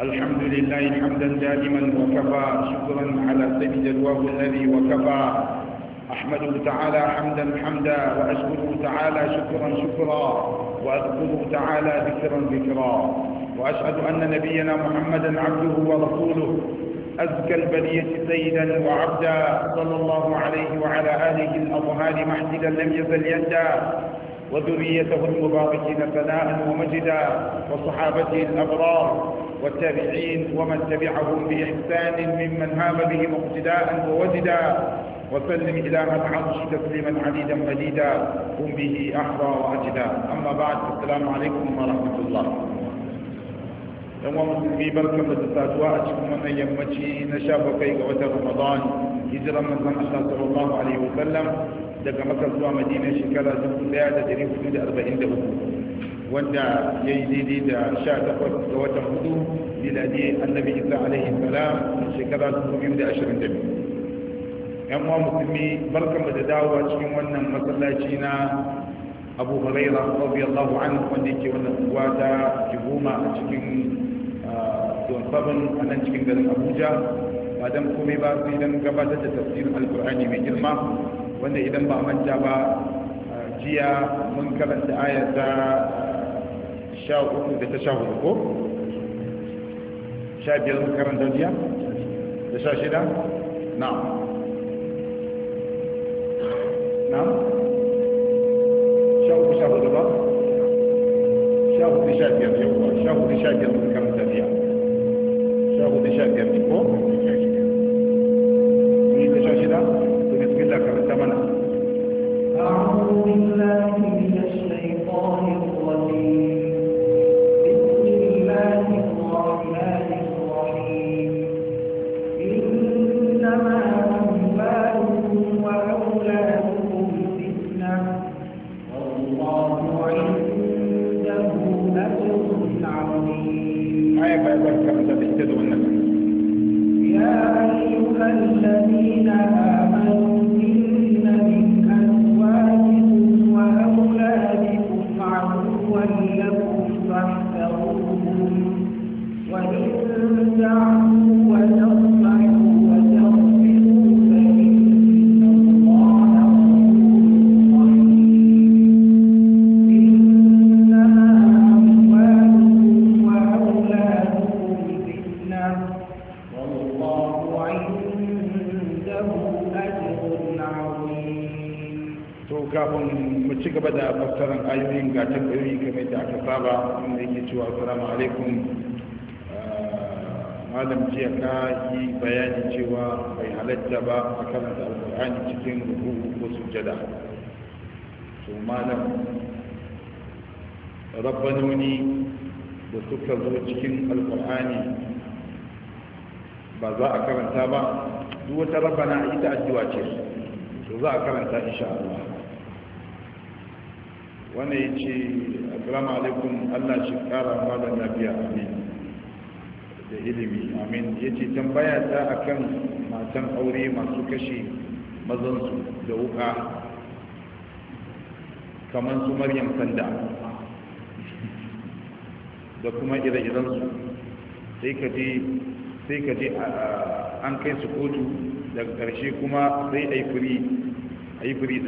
الحمد لله حمدا دائما وكفى شكرا على سيد جدواه الذي وكفى أحمده تعالى حمدا حمدا وأشكره تعالى شكرا شكرا وأذكره تعالى ذكرا ذكرا وأشهد أن نبينا محمدا عبده ورسوله أزكى البلية سيدا وعبدا صلى الله عليه وعلى آله الأطهار محددا لم يزل يندى وذريته المباركين ثناء ومجدا وصحابته الأبرار والتابعين ومن تبعهم بإحسان ممن هام بهم اقتداء ووجدا وسلم إلى من عرش تسليما عديدا مديدا هم به أحرى وأجدا أما بعد السلام عليكم ورحمة الله يوم في بركة مدساد وأجكم من يمتي نشاب كي غوة رمضان هجرا من الله صلى الله عليه وسلم دقمت سوى مدينة شكرا زمت بيادة ريف مدى أربعين دقمت wanda ya yi daidai da sha takwas ga watan hudu miladi annabi isa alaihi salam shekara biyu. yan uwa musulmi barkan da dawowa cikin wannan masallaci na abu huraira radiyallahu anhu wanda yake wannan unguwa ta kibuma a cikin don ah, sabon a nan cikin garin abuja ba dan komai ba sai dan gabatar da tafsirin alkur'ani mai girma wanda idan ba manta ba ah, jiya mun karanta ayata sha uku da ta sha hudu ko sha biyar karanta jiya da sha shida sha uku sha hudu ba sha hudu sha biyar yawwa sha hudu sha biyar muka karanta sha hudu sha biyar ne ko ni da sha shida to bismillah karanta mana أعوذ بالله من الشيطان الرجيم bayani cewa bai halatta ba a karanta alkur'ani cikin ruhu ko sujada to malam rabbanoni da suka zo cikin alkur'ani ba za a karanta ba duk wata rabbana ita addu'a ce to za a karanta insha Allah wannan yace assalamu alaikum Allah shi kara malam nabiya amin da ilimi amin ya ce tambaya ta akan matan aure masu kashe mazansu da wuka kamar su maryam sanda da kuma ire-irensu sai ka je sai ka je an kai su kotu daga ƙarshe kuma sai a yi firi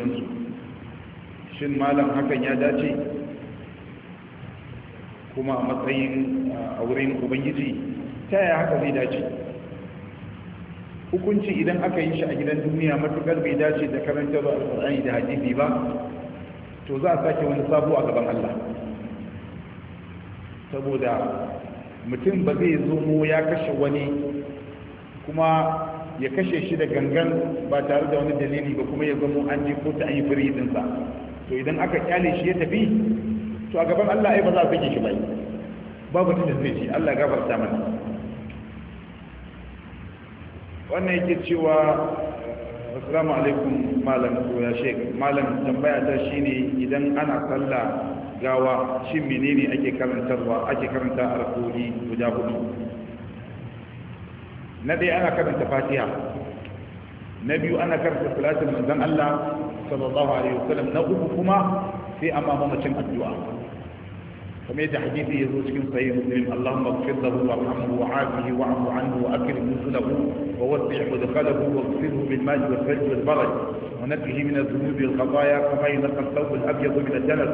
shin malam hakan ya dace kuma a matsayin a wurin ubangiji ta yaya haka zai dace hukunci idan aka yi shi a gidan duniya matukar bai dace da karanta ba alƙur'ani da hadisi ba to za a sake wani sabo a gaban Allah saboda mutum ba zai zomo ya kashe wani kuma ya kashe shi da gangan ba tare da wani dalili ba kuma ya zamo an je ko ta an yi firi to idan aka kyale shi ya tafi to a gaban Allah ai ba za a sake shi ba babu tunda zai ji Allah gafarta mana wannan yake cewa assalamu alaikum malam ya Sheik. malam tambaya ta shine idan ana sallah gawa shin menene ake karantarwa ake karanta a rakuri guda hudu na dai ana karanta fatiha na biyu ana karanta salatin manzon Allah sallallahu alaihi wasallam na uku kuma sai amma mamacin addu'a kuma yadda hadisi ya zo cikin sayi muslim Allah da huwa hamu wa afihi wa amu an huwa akil wa wasu da kada huwa sirhu bin maji wa sarki wa barai wa na fihi min azumubi al kabaya kama yi na kasau bin abiya zo min ajalar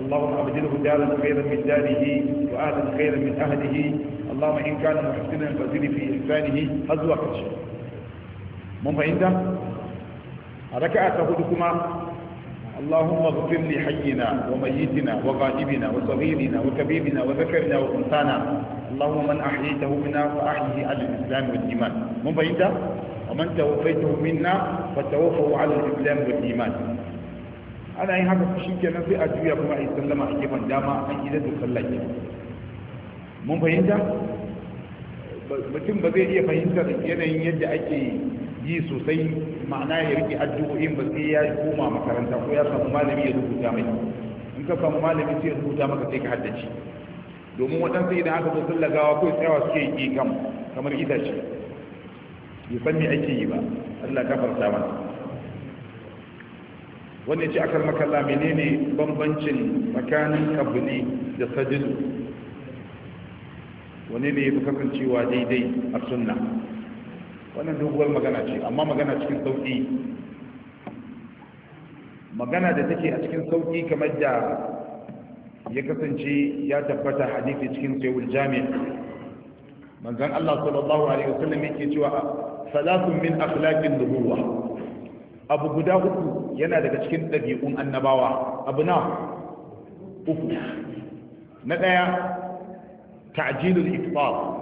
Allah ma abjil hu dalar kaira min dalihi wa adal kaira min ahadihi Allah ma in kana muhsinan fazili fi insanihi har zuwa kashi. Mun fahimta? A raka'a ta hudu kuma اللهم اغفر لحينا وميتنا وغائبنا وصغيرنا وكبيرنا وذكرنا وانثانا اللهم من احييته منا فاحيه على الاسلام والايمان من بينتا ومن توفيته منا فتوفه على الاسلام والايمان ana yin haka shi kenan sai a juya kuma a yi sallama a gefen dama an gida da sallaki mun fahimta mutum ba zai iya fahimtar yanayin yadda ake yi sosai ma'ana ya rike addu'o'in ba sai ya koma makaranta ko ya samu malami ya rubuta mai in ka samu malami sai ya rubuta maka sai ka haddace domin waɗansu idan aka zo sun lagawa ko tsayawa suke yi kam kamar itace ya san me ake yi ba Allah ka farta mana wannan ce akal makalla menene bambancin tsakanin kabuli da sajidu wani ne ya fi kasancewa daidai a sunna wannan doguwar magana ce amma magana cikin sauƙi magana da take a cikin sauƙi kamar da ya kasance ya tabbata hadisi cikin sayyid jami manzon Allah sallallahu alaihi wasallam yake cewa salatun min akhlaqin nubuwa abu guda uku yana daga cikin ɗabi'un annabawa abu na uku na ɗaya ta'jilul iftar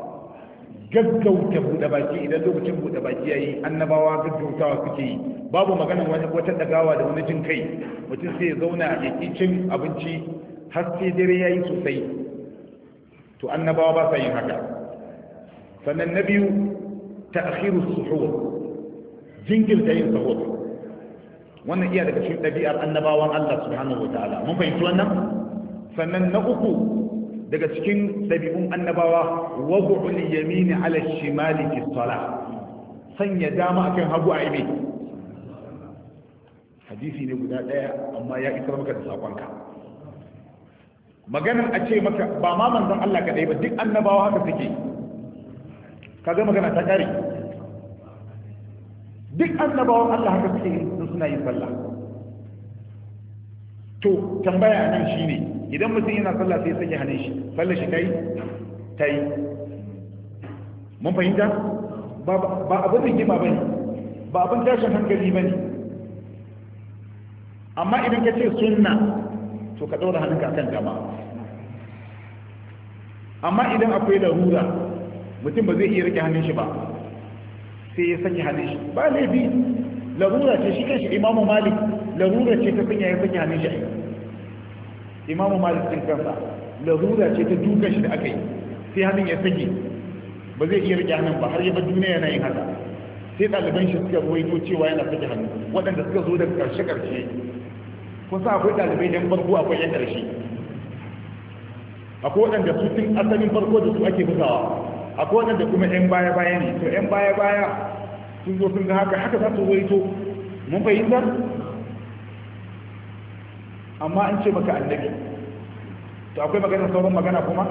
gaggauta buɗe baki idan lokacin buɗe baki ya yi annabawa gaggautawa suke yi babu maganar wani wata dagawa da wani jin kai mutum sai ya zauna ya ki cin abinci har sai dare ya yi sosai to annabawa ba sa yin haka sannan na biyu ta ta'khiru suhur jingirta yin sahur wannan iya daga cikin ɗabi'ar annabawan Allah subhanahu wataala mun fahimci wannan sannan na uku daga cikin ɗabi'un annabawa wa wadu'ul yamini ala shimali fi salah sanya dama akan hagu a ibe hadisi ne guda ɗaya amma ya isar maka da sakonka maganar a ce maka ba ma manzon Allah kaɗai ba duk annabawa haka suke kaga magana ta kare duk annabawan Allah haka suke in suna yin sallah to tambaya nan shine idan mutum yana sallah sai sanya hannun shi sallar shi tai tai mun fahimta ba abin rigima bane ba abin tashin hankali bane amma idan ka ce sunna to ka daura hannunka kan dama amma idan akwai larura mutum ba zai iya rike hannun shi ba sai ya sanya hannun shi ba laifi larura ce shi shi imamu malik larura ce ta sanya ya sanya hannun shi imamu malik din kansa larura ce ta dukan shi da aka yi sai hannun ya sake ba zai iya rike hannun ba har yaba duniya yana yin haka sai ɗaliban shi suka ruwaito cewa yana sake hannu waɗanda suka zo daga ƙarshe-ƙarshe kun sa akwai ɗalibai yan farko akwai yan ƙarshe akwai waɗanda su tun asalin farko da su ake bugawa akwai waɗanda kuma yan baya-baya ne to yan baya-baya sun zo sun ga haka haka za su ruwaito mun fahimta amma an ce maka annabi to akwai magana sauran magana kuma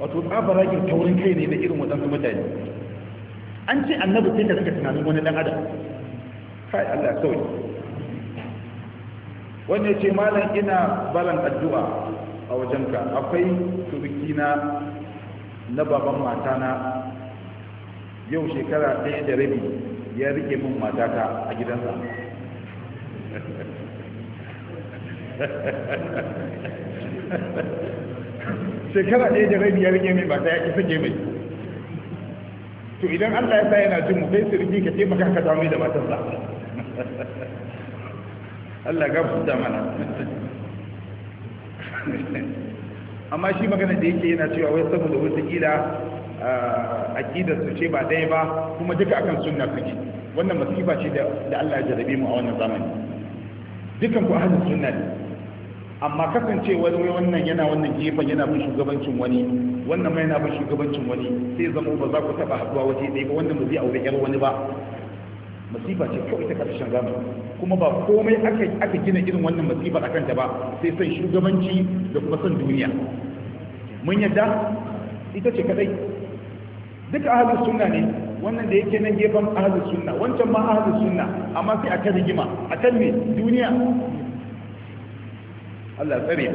wato tsafa ragin taurin kai ne na irin waɗansu mutane an ce annabi sai da suka tunanin wani ɗan adam kai Allah kawai wanda ya ce malam ina balan addu'a a wajen ka. akwai turiki na na baban matana yau shekara ɗaya da rabi ya rike min matata a gidansa shekara ɗaya da rabi ya rage ba mata ya kisa ke mai to idan allah ya sa yana jin mu kai sirri ka ce maka ka samu da sa allah ga fusta mana amma shi magana da yake yana cewa wai saboda a aƙidar su ce ba ɗaya ba kuma duka akan sunna kake wannan masifa ce da Allah ya jarabe mu a wannan zamani dukan ku hannun sunna ne amma kasance wani wannan yana wannan gefen yana bin shugabancin wani wannan mai yana bin shugabancin wani sai zama ba za ku taba haduwa waje ɗaya ba wanda ba zai aure yar wani ba masifa ce kawai ta karshen zamani kuma ba komai aka gina irin wannan masifa a kanta ba sai son shugabanci da kuma son duniya mun yadda ita ce kadai duka ahalin sunna ne wannan da yake nan gefen ahalin sunna wancan ma ahalin sunna amma sai a ta rigima a kan ne duniya Allah tsare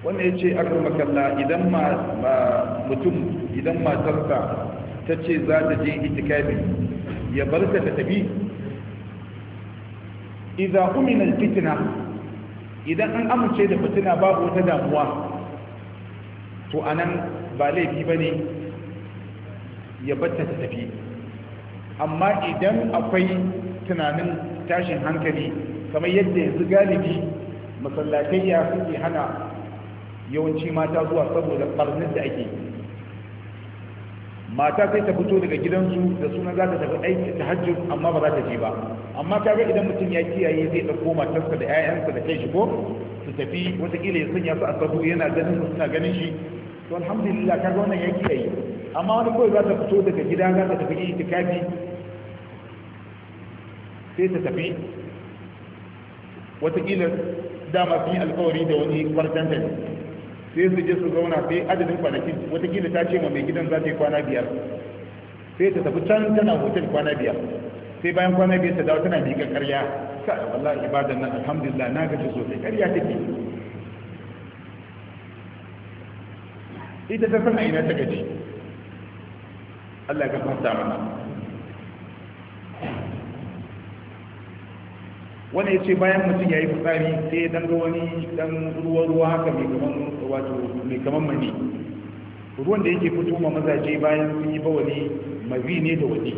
wannan ya ce akar makalla idan ma mutum idan matarsa ta ce za ta je itikafi ya bar ta tafi idza umina fitina idan an amince da fitina babu wata damuwa to anan ba laifi ne ya batta ta tafi amma idan akwai tunanin tashin hankali kamar yadda yanzu galibi masallatayya suke hana yawanci mata zuwa saboda barnin da ake mata sai ta fito daga gidansu da suna za ta tafi aiki ta hajji amma ba za ta je ba amma kaga idan mutum ya kiyaye zai ɗauko matarsa da 'ya'yansa da kai shi ko su tafi watakila ya sanya su a sabu yana ganin su suna ganin shi to alhamdulillah kaga wannan ya kiyaye amma wani kawai za ta fito daga gida za ta tafi itikafi sai ta tafi watakila dama sun yi alkawari da wani kwartanta ne sai su je su zauna sai adadin kwanakin watakila ta ce ma mai gidan za ta yi kwana biyar sai ta tafi can tana hotel kwana biyar sai bayan kwana biyar ta dawo tana miƙa ƙarya ka wallahi ibadan nan alhamdulillah na gaji sosai ƙarya take ita ta san a ina ta gaji Allah ya gafarta mana wani ya ce bayan mutum ya yi fitsari sai ya dan wani dan ruwa ruwa haka mai kaman wato mai kaman mani ruwan da yake fito ma mazaje bayan sun yi bawani mazi ne da waje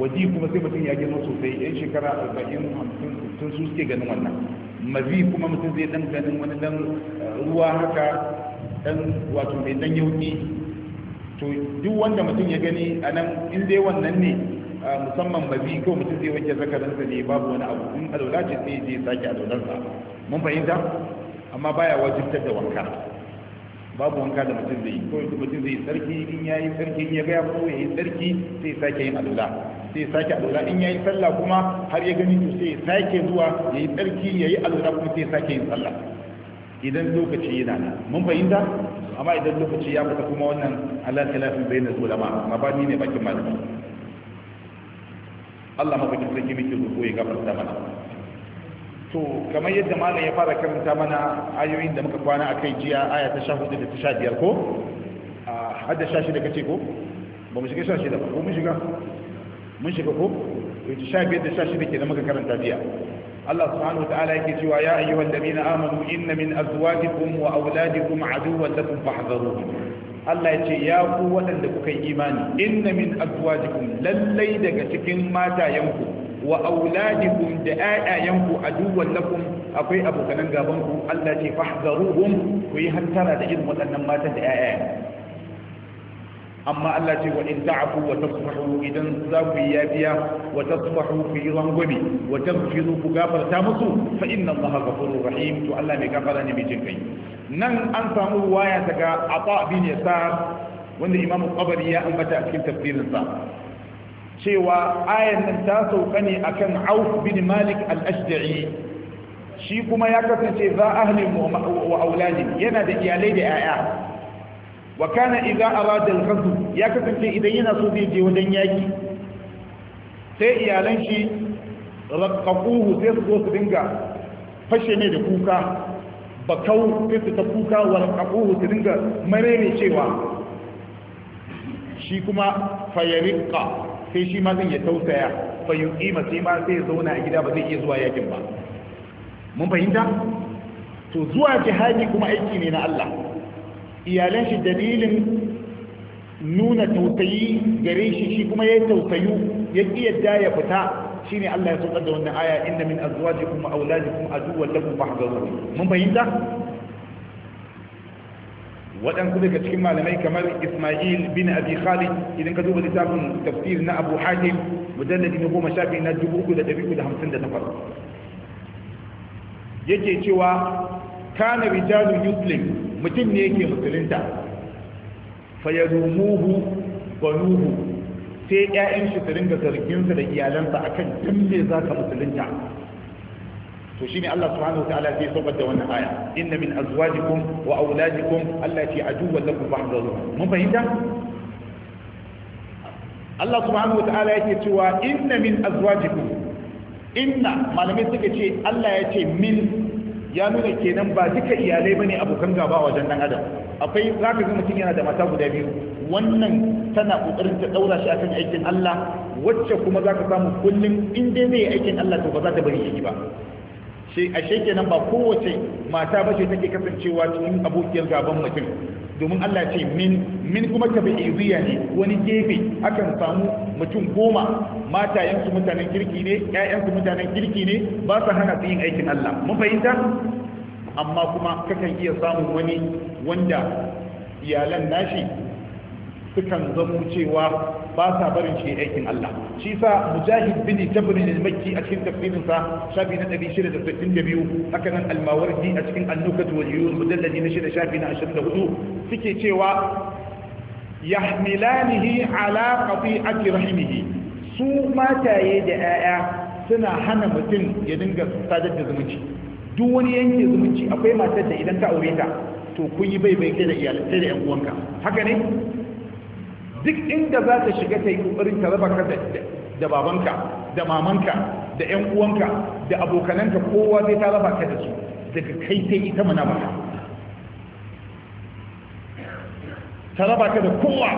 waje kuma sai mutum ya girma sosai yan shekara arba'in hamsin sun su suke ganin wannan mazi kuma mutum zai dan ganin wani dan eh, ruwa haka dan wato mai dan yauki to duk wanda mutum ya gani a nan in dai wannan ne musamman mabi ko mutum zai wanke zakaransa ne babu wani abu in alwala ce sai je sake alwalarsa mun fahimta amma baya wajibtar da wanka babu wanka da mutum zai yi ko mutum zai sarki in ya yi sarki in ya ko ya yi sarki sai sake yin alwala sai sake alwala in ya yi sallah kuma har ya gani to sai sake zuwa yi sarki ya yi alwala kuma sai sake yin sallah idan lokaci yana nan mun fahimta amma idan lokaci ya fita kuma wannan Allah ta lafi bayyana ulama amma ba ni ne bakin malami Allah mabakin sarki muke roƙo ya gafarta mana to kamar yadda malam ya fara karanta mana ayoyin da muka kwana a kai jiya aya ta sha hudu da ta sha biyar ko har da sha shida kace ko ba mu shiga sha shida ba ko mun shiga mun shiga ko to sha biyar da sha shida ke da muka karanta jiya Allah subhanahu wataala yake cewa ya ayyuhal ladina amanu inna min azwajikum wa auladikum aduwwan lakum fahdharuhum Allah ya ce ya ku waɗanda kuka yi imani inna min azwajikum lallai daga cikin matayenku wa auladikum da ayayanku aduwwan lakum akwai abokanan gaban ku Allah ce fahzaruhum ku yi hantara da irin waɗannan matan da 'ya'ya. amma Allah ce wa in ta'fu wa tasfahu idan za ku yi yafiya wa tasfahu ku yi wa ku gafarta musu fa inna Allah ghafurur rahim to Allah mai gafara ne mai kai nan an samu waya daga Ata bin Yasar wanda Imam Qabari ya ambata a cikin tafsirin sa cewa ayan nan ta sauka ne akan Auf bin Malik al-Ashja'i shi kuma ya kasance za ahli wa aulani yana da iyalai da 'ya'ya wa kana idza arada al-qasd ya kasance idan yana so zai je wajen yaki sai iyalan shi raqaquhu sai su zo su dinga fashe ne da kuka bakau sai su ta kuka wa raqaquhu su dinga marene cewa shi kuma fayariqa sai shi ma zai ya tausaya fayuqima sai ma sai ya zauna a gida ba zai iya zuwa yakin ba mun fahimta to zuwa jihadi kuma aiki ne na Allah iyalan shi dalilin nuna tausayi gare shi shi kuma ya yi tausayu ya yadda ya fita shi ne Allah ya saukar da wannan aya inna min azwajikum wa auladikum aduwwan lakum fahdharu mun bayyana waɗansu daga cikin malamai kamar ismail bin abi khalid idan ka duba littafin tafsir na abu hatim mujalladi na goma shafi na dubu uku da ɗari uku da hamsin da takwas yake cewa kana rijalun yuslim mutum ne yake musulunta fayarumuhu banuhu sai ƴaƴan shi su ringa zarginsa da iyalansa akan dan me zaka musulunta to shine Allah subhanahu wataala zai saukar da wannan aya inna min azwajikum wa auladikum allati aduwwan lakum fahdharu mun fahimta Allah subhanahu wataala yake cewa inna min azwajikum inna malamai suka ce Allah ya ce min ya nuna kenan ba duka iyalai bane abokan gaba a wajen dan adam akwai zaka ga mutum yana da mata guda biyu wannan tana kokarin ta daura shi akan aikin Allah wacce kuma zaka samu kullum in dai zai aikin Allah to ba za ta bari shi ba shi ashe kenan ba kowace mata ba ce take kasancewa cikin abokiyar gaban mutum domin Allah ce min min kuma tabi'iyya ne wani gefe akan samu mutum goma matayen su mutanen kirki ne ƴaƴan su mutanen kirki ne ba sa hana su yin aikin Allah mun fahimta amma kuma kakan iya samun wani wanda iyalan nashi sukan zamo cewa ba sa barin shi aikin Allah shi sa mujahid bin jabrin al-makki a cikin tafsirin sa shafi na 662 haka nan al-mawardi a cikin an-nukat wal yuz mujalladi na 6 shafi na 24 suke cewa yahmilanihi ala qati'ati rahimihi su mataye da 'ya'ya suna hana mutum ya dinga sadar da zumunci duk wani yanke zumunci akwai matar da idan ta aure ta to kun yi bai bai kai da iyalai da yan uwanka haka ne duk inda za ta shiga ta yi ƙoƙarin ta raba ka da babanka da mamanka da 'yan uwanka da abokananka kowa zai ta raba ka da su daga kai ta yi ta mana baka ta raba ka da kowa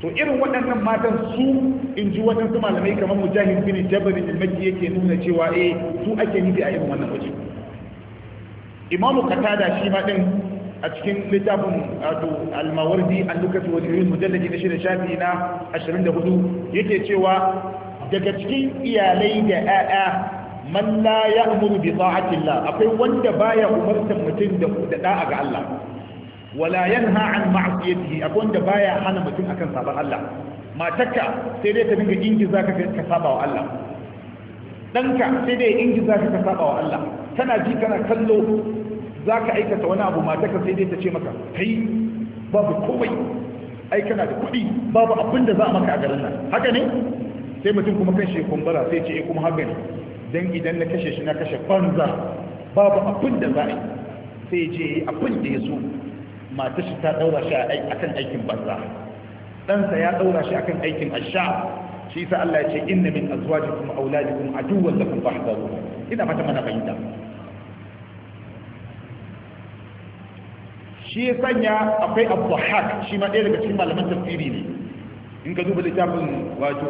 to irin waɗannan matan su in ji waɗansu malamai kamar mujahid bin jabarin ilmaki yake nuna cewa eh su ake nufi a irin wannan waje imamu katada shi ma ɗin a cikin littafin wato almawardi al-lukatu wa jirin mujalladi na shirin shafi na 24 yake cewa daga cikin iyalai da ƴaƴa man la ya'muru bi ta'atillah akwai wanda baya umartar mutum da da'a ga Allah wala yanha an ma'siyatihi akwai wanda baya hana mutum akan sabon Allah matarka sai dai ta dinga ingiza ka ka saba wa Allah danka sai dai ingiza ka ka saba wa Allah kana ji kana kallo za ka aikata wani abu mataka sai dai ta ce maka kai babu komai ai kana da kuɗi babu abin da za a maka a garin nan haka ne sai mutum kuma kan shi sai ce eh, kuma haka ne dan idan na kashe shi na kashe banza babu abin da za a yi sai je abin da ya so matar shi ta daura shi a kan aikin banza ɗansa ya daura shi a kan aikin asha shi sa Allah ya ce inna min azwajikum auladikum aduwwan lakum fahdharu ina fata mana fahimta shi ya sanya akwai abdullahi shi ma ɗaya daga cikin malaman tafsiri ne in ka duba littafin wato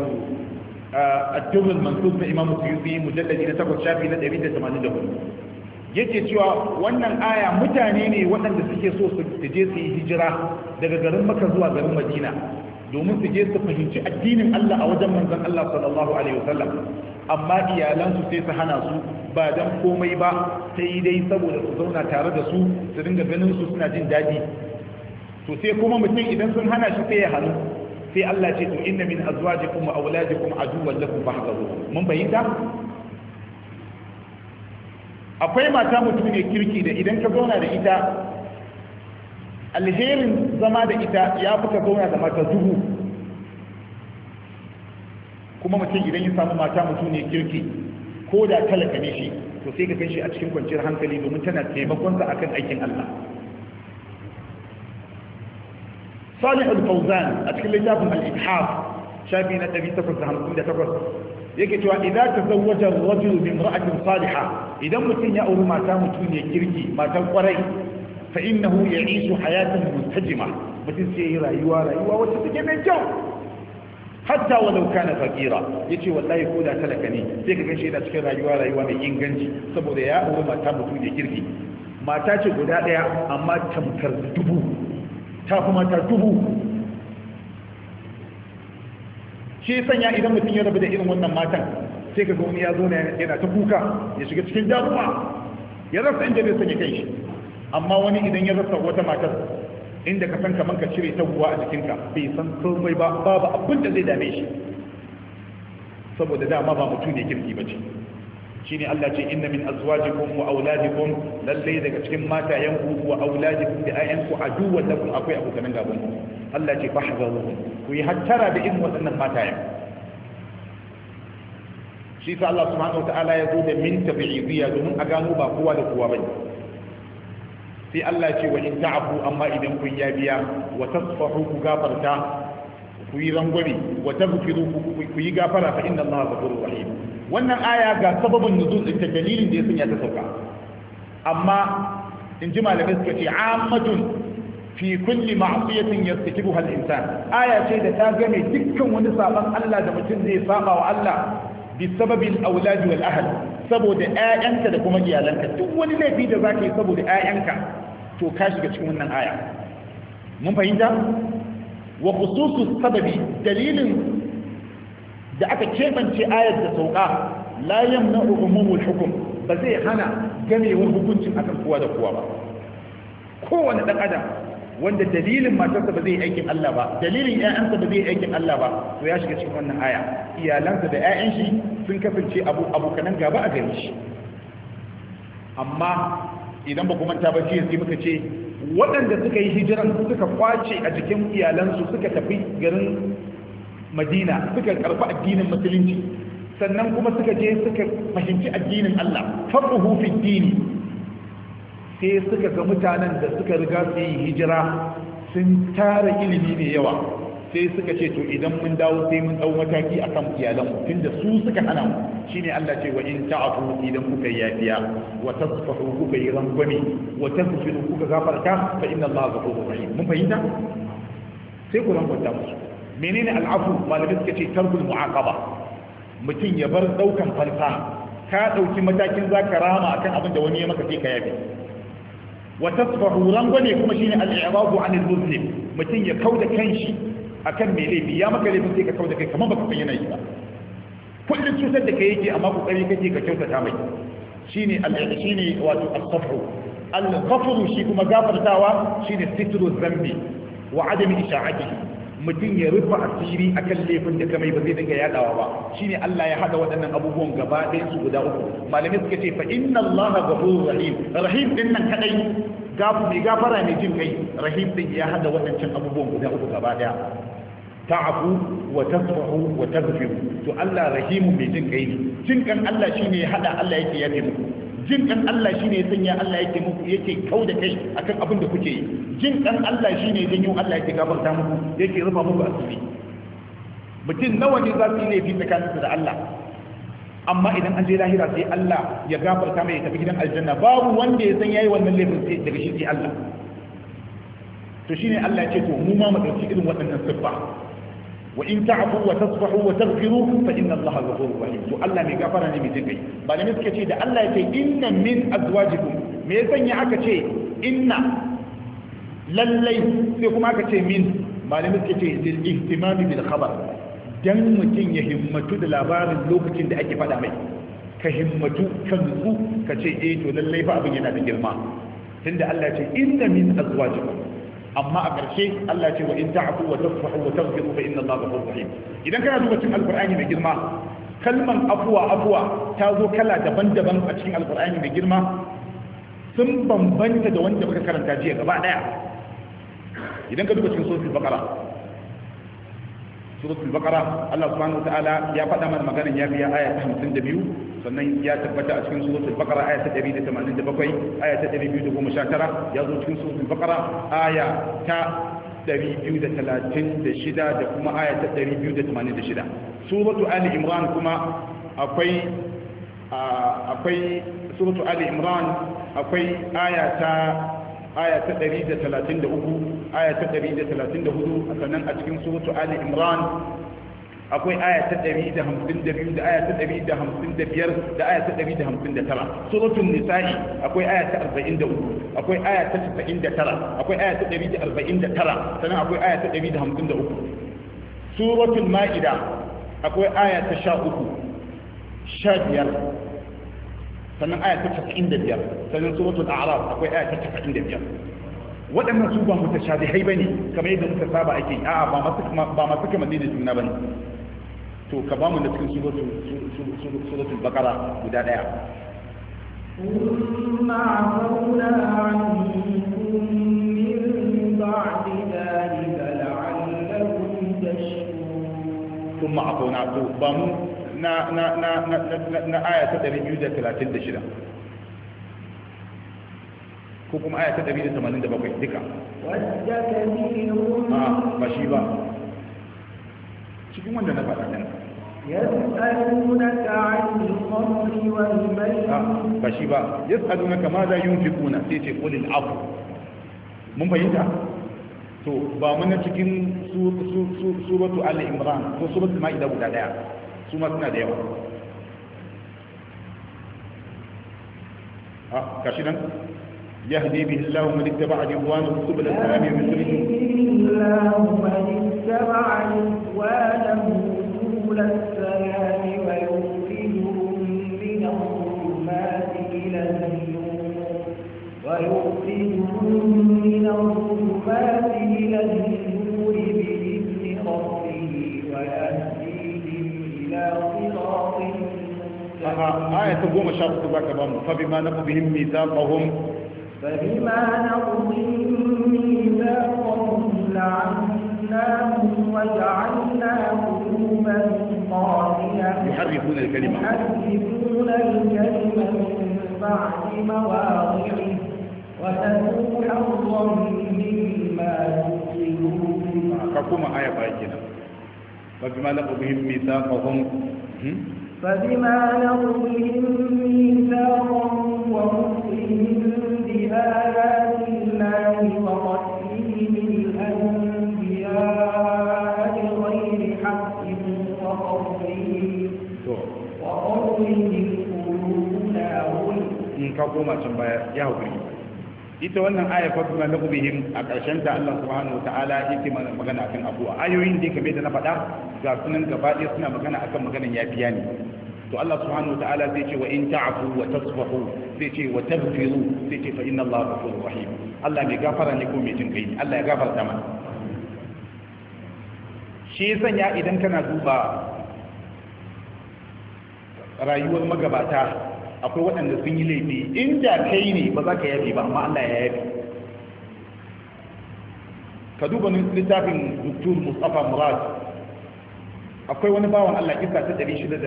addubul mansub na imamu suyubi mujallaji na takwas shafi na ɗari da da tamanin Ya yake cewa wannan aya mutane ne waɗanda suke so su je su yi hijira daga garin maka zuwa garin madina domin su je su fahimci addinin Allah a wajen manzon Allah sallallahu alaihi wasallam amma iyalansu sai su hana su ba dan komai ba sai dai saboda su zauna tare da su su dinga ganin su suna jin daɗi to sai kuma mutum idan sun hana shi sai ya hannu sai Allah ce to inna min azwajikum wa auladikum aduwwan lakum fahdharu mun bayyana akwai mata mutum ne kirki da idan ka zauna da ita alherin zama da ita ya fi zauna da mata duhu kuma mutum idan ya samu mata mutum ne kirki ko da talaka ne shi to sai ka ganshi a cikin kwanciyar hankali domin tana taimakonsa akan aikin Allah Salih al-Fawzan a cikin littafin al-Ithaf shafi na 1858 yake cewa idan ta ar-rajulu bi imra'atin salihah idan mutum ya auri mata mutum ne kirki matan kwarai fa innahu ya'ishu hayatan muntajima mutum sai yi rayuwa rayuwa wacce take mai kyau hatta walau kana fakira yace wallahi ko da talaka ne sai ka gashi da cikin rayuwa rayuwa mai inganci saboda ya aure mata mutu da kirki mata ce guda daya amma tamkar dubu ta kuma ta dubu shi sanya idan mutum ya rabu da irin wannan matan sai ka ga wani ya zo yana ta kuka ya shiga cikin damuwa ya rasa inda zai sanya kai shi amma wani idan ya rasa wata matar inda ka san kamar ka cire ta guwa a jikinka bai san komai ba babu abin da zai dame shi saboda dama ba mutum ne kirki ba ce Shi ne Allah ce inna min azwajikum wa auladikum lalle daga cikin matayenku wa auladikum da ayyanku da ku akwai abokan gaban ku Allah ce fahzaruhum ku yi hattara da irin waɗannan matayen shi sa Allah subhanahu wa ta'ala ya zo da min tabi'iyya domin a gano ba kowa da kowa bane sai Allah ce wa in ta'afu amma idan kun ya biya wa tasfahu ku gafarta ku yi rangwame wa tazkiru ku yi gafara fa inna Allah ghafurur rahim wannan aya ga sababin nuzul din ta dalilin da ya sanya ta sauka amma in ji malamai suka ce ammatun fi kulli ma'siyatin yartakibuha al-insan aya ce da ta game dukkan wani saban Allah da mutum zai saba wa Allah bi sababil auladi wal ahl saboda ƴaƴanka da kuma iyalanka duk wani laifi da zaka yi saboda ƴaƴanka to ka shiga cikin wannan aya mun fahimta wa khususus sababi dalilin da aka kebance ayar da sauka la yamna'u umumul hukum ba zai hana gamewar hukuncin akan kowa da kowa ba kowane dan adam wanda dalilin matarsa ba zai aikin Allah ba dalilin ƴaƴansa ba zai aikin Allah ba to ya shiga cikin wannan aya iyalansa da ƴaƴan shi sun kasance abu abokanan gaba a gare shi amma idan ba kuma ta ba jiya sai muka ce waɗanda suka yi hijiran suka kwace a jikin iyalansu suka tafi garin madina suka karfi addinin musulunci sannan kuma suka je suka fahimci addinin Allah faɗuhu fi dini sai suka ga mutanen da suka riga su yi hijira sun tara ilimi mai yawa sai suka ce to idan mun dawo sai mun dau mataki akan iyalan mu tunda su suka hana mu shine Allah ce wa in ta'fu idan kuka yafiya wa tasfahu kuka yi rangwame wa tasfiru kuka gafarta fa inna Allah ghafurur rahim mun fahimta sai ku rangwanta mu. menene al'afu malamai suka ce tarkul mu'aqaba mutum ya bar daukan falsa ka dauki matakin zaka rama akan abin da wani ya maka sai ka yafi wa tasfahu rangwame kuma shine al-i'rabu 'anil muslim mutum ya kauda kanshi akan me laifi ya maka laifin sai ka kauda kai kamar baka san yana yi ba kullum cutar da kai yake amma kokari kake ka kyautata mai shine al-shine wato as-safu al-ghafru shi kuma gafartawa shine sitru zambi wa isha isha'atihi mutum ya rufe asiri akan laifin da kamai ba zai dinga yadawa ba shine Allah ya haɗa waɗannan abubuwan gaba ɗayan su guda uku malamai suka ce fa inna Allah ga rahim rahim din nan kadai gafu mai gafara ne jin kai rahim din ya haɗa waɗancan abubuwan guda uku gaba ɗaya ta'afu wa tasfahu wa taghfiru to Allah rahimu mai jin kai ne jin kan Allah shine ya haɗa Allah yake yafe muku jin ɗan Allah shi ne ya sanya Allah yake muku yake kauda kai kan abin da kuke yi jin ɗan Allah shine ya janyo Allah yake gafarta muku yake rufa muku asiri mutum nawa ne za su yi laifi tsakaninsu da Allah amma idan an je lahira sai Allah ya gafarta mai ya tafi gidan aljanna babu wanda ya san yayi wannan laifin sai daga shi sai Allah to shine Allah ya ce to mu ma mu dauki irin waɗannan siffa wa in ta'fu wa tasfahu wa taghfiru fa inna allaha ghafurur rahim to Allah mai gafara ne mai jinkai malamai suka ce da Allah yake inna min azwajikum me yasan ya aka ce inna lallai sai kuma aka ce min ba malamai suka ce lil ihtimami bil khabar dan mutum ya himmatu da labarin lokacin da ake faɗa mai ka himmatu ka nutsu ka ce eh to lallai ba abin yana da girma tunda Allah ya ce inna min azwajikum amma a ƙarshe Allah ce wa in ta'fu wa tasfahu wa taghfiru fa inna Allaha ghafurur rahim idan kana duba cikin alqur'ani mai girma kalman afuwa afuwa ta zo kala daban-daban a cikin alqur'ani mai girma sun bambanta da wanda muka karanta jiya gaba daya idan ka duba cikin suratul baqara suratul baqara Allah subhanahu ya faɗa mana maganar ya biya aya ta 52 sannan ya tabbata a cikin suratul baqara aya ta 187 aya ta 219 ya zo cikin suratul baqara aya ta 236 da kuma aya ta 286 suratu ali imran kuma akwai akwai ali imran akwai aya ta aya ta 133 aya ta 134 sannan a cikin suratu ali imran akwai aya ta 152 da aya ta 155 da aya ta 159 suratul nisa'i akwai aya ta 43 akwai aya ta 99 akwai aya ta 149 sannan akwai aya ta 153 suratul ma'ida akwai aya ta 13 15 sannan aya ta casa'in da biyar sannan suratul a'raf akwai aya ta casa'in da biyar waɗannan su ba mutashabihai bane kamar yadda muka saba ake a'a ba masu kama masu kamar da juna bane to ka ba mu da cikin suratul suratul baqara guda daya ثم عفونا عنكم من بعد ذلك لعلكم تشكرون ثم عفونا عنكم na na na na na aya ta 236 ko kuma aya ta 187 duka wadda ba shi ba cikin wanda na faɗa ɗin يسألونك عن الخمر والميسر فشبا yi ماذا ينفقون سيتي قل afu. mun fahimta to ba mana cikin suratu al-imran ko suratul ma'ida guda daya su ma suna da yawa a يهدي به الله من اتبع رضوانه سبل السلام ومثله الله من اتبع رضوانه سبل السلام ويخرجهم من الظلمات إلى النور ويخرجهم من الظلمات البقرة آية تقوم شرط بكبم فبما نقضهم ميثاقهم فبما نقضهم ميثاقهم لعناهم وجعلنا قلوبهم قاسية يحرفون الكلمة يحرفون الكلمة من بعد مواضعه ونسوا حظا مما يوصلون. حكم آية بايكنا فبما لقوا بهم ميثاقهم فبما نقضهم ميثاقهم وكفرهم بآيات الله وقتلهم الأنبياء بغير حق وقولهم وقولهم قلوبنا غلف. إن كوكو ما تنبأ يهودي ita wannan aya fa kuma na ubihim a ƙarshen ta Allah subhanahu wataala yake mana magana akan abuwa ayoyin da kamar da na faɗa ga sunan gaba ɗaya suna magana akan maganan yafiya ne to Allah subhanahu wataala zai ce wa in ta'fu wa tasfahu zai ce wa taghfiru zai ce fa inna Allah ghafurur rahim Allah mai gafara ne ko mai jin kai Allah ya gafarta mana shi sanya idan kana duba rayuwar magabata akwai waɗanda sun yi laifi inda kai ne ba za ka yafe ba amma Allah ya yafe ka duba littafin Dr. Mustafa Murad akwai wani bawan Allah kisa ta 628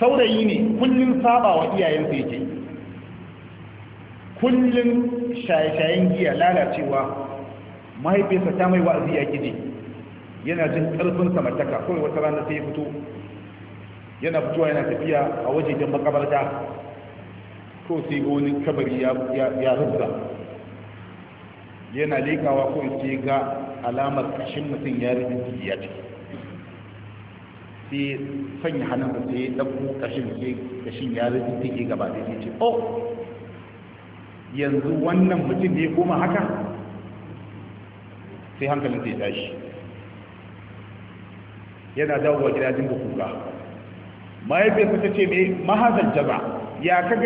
saurayi ne kullum saba wa iyayensa yake Kullum shaye-shayen giya lalacewa mahaifiyarsa ta mai wa'azi ya gidi yana jin ƙarfin samartaka kawai wata rana sai ya fito yana fitowa yana tafiya a waje jan makabarta ko sai ga wani kabari ya rubuta yana lekawa ko sai ga alamar kashin mutum ya rubin ya ce sai sanya hannun da sai ɗauko kashin kashin ya rubin ya gaba da ce oh yanzu wannan mutum ne koma haka sai hankalin sai tashi yana dawowa gidajen bukuka kuka mahaifiyarsa ta ce me mahazan jaba ya ka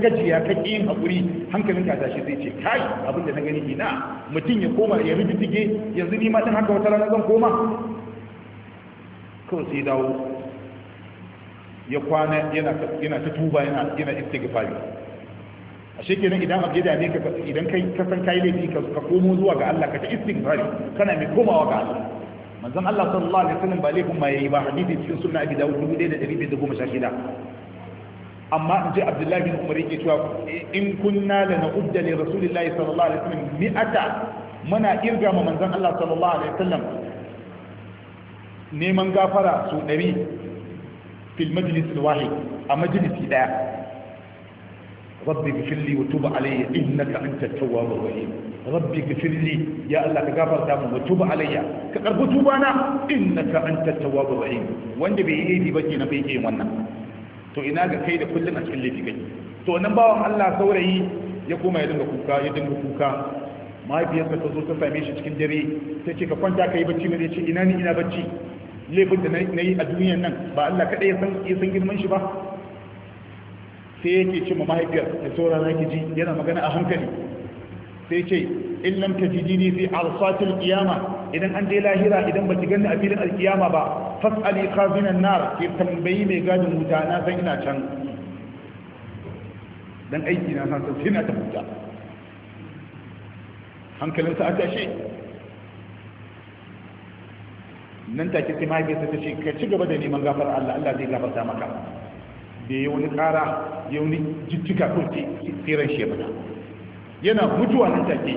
gajiya ka ƙin haƙuri hankalin ka tashi zai ce kai abinda na gani ina mutum ya koma ya dige yanzu ni ma ɗin haka wata rana zan koma kawai sai dawo ya kwana yana ta tuba yana ga fari a shekenan idan abu ya ne idan kai ka san kai laifi ka komo zuwa ga Allah ka ta fari kana mai komawa ga Allah manzon Allah sallallahu alaihi wasallam ba laifin ma yayi ba hadisi cikin sunan abi dawud 1516 amma inji abdullahi bin umar yake cewa in kunna la na'udda li rasulillahi sallallahu alaihi wasallam mi'ata muna irga ma manzon Allah sallallahu alaihi wasallam neman gafara su 100 fil majlis wahid a majalisi daya rabbi gafir li wa tub alayya innaka antat tawwabur rahim rabbi gafir li ya Allah ka gafarta mu wa tub alayya ka karbi tubana innaka antat tawwabur rahim wanda bai yi laifi ba kenan bai yi wannan to ina ga kai da kullun a cikin laifi kai to wannan bawan Allah saurayi ya koma ya dinga kuka ya dinga kuka mahaifiyarsa ta zo ta same shi cikin dare ta ce ka kwanta ka yi bacci ne ce ina ni ina bacci da na yi a duniyan nan ba Allah kaɗai ya san girman shi ba sai yake ce ma mahaifiyar da saurara ki ji yana magana a hankali sai ce in lam tajidini fi arsatil qiyama idan an je lahira idan baki ganni a filin alkiyama ba fas'ali khazinan nar ki tambayi mai gadin wuta na san ina can dan aiki na san sai na Hankalin hankalinsa a tashi nan take sai mahaifiyarsa ta ce ka ci gaba da neman gafar Allah Allah zai gafarta maka da ya wani kara ya wani jijjika ko tsiran shi ya yana mutuwa nan take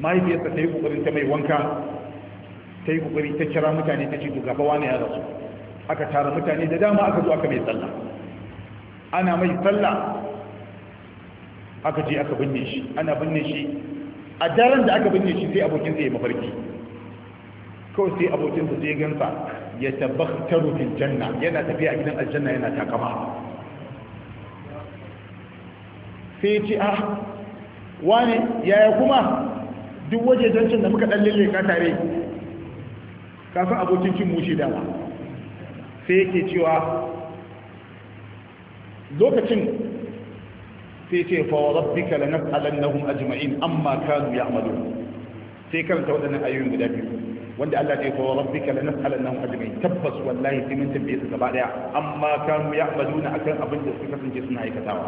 mahaifiyarsa ta yi kokarin ta mai wanka ta yi kokari ta kira mutane ta ce to gaba wani ya rasu aka tara mutane da dama aka zo aka mai sallah ana mai sallah aka je aka binne shi ana binne shi a daren da aka binne shi sai abokin sai mafarki kawai sai abokin sai ya gansa ya tabbatar fil janna yana tafiya a gidan aljanna yana takama sai ci a ah, wane yaya kuma duk waje dancin da muka ɗan ka tare kafin abokin cin mushe dama sai yake cewa lokacin sai ce fawa rabbika lanas'alannahum ajma'in amma kanu Amadu, sai karanta waɗannan ayoyin guda biyu wanda Allah rabbi ne ko rabbika lanas'alannahum ajma'in tabbas wallahi sai mun tambaye su gaba ɗaya, amma ya kanu ya'maluna akan abin da suka kasance suna aikatawa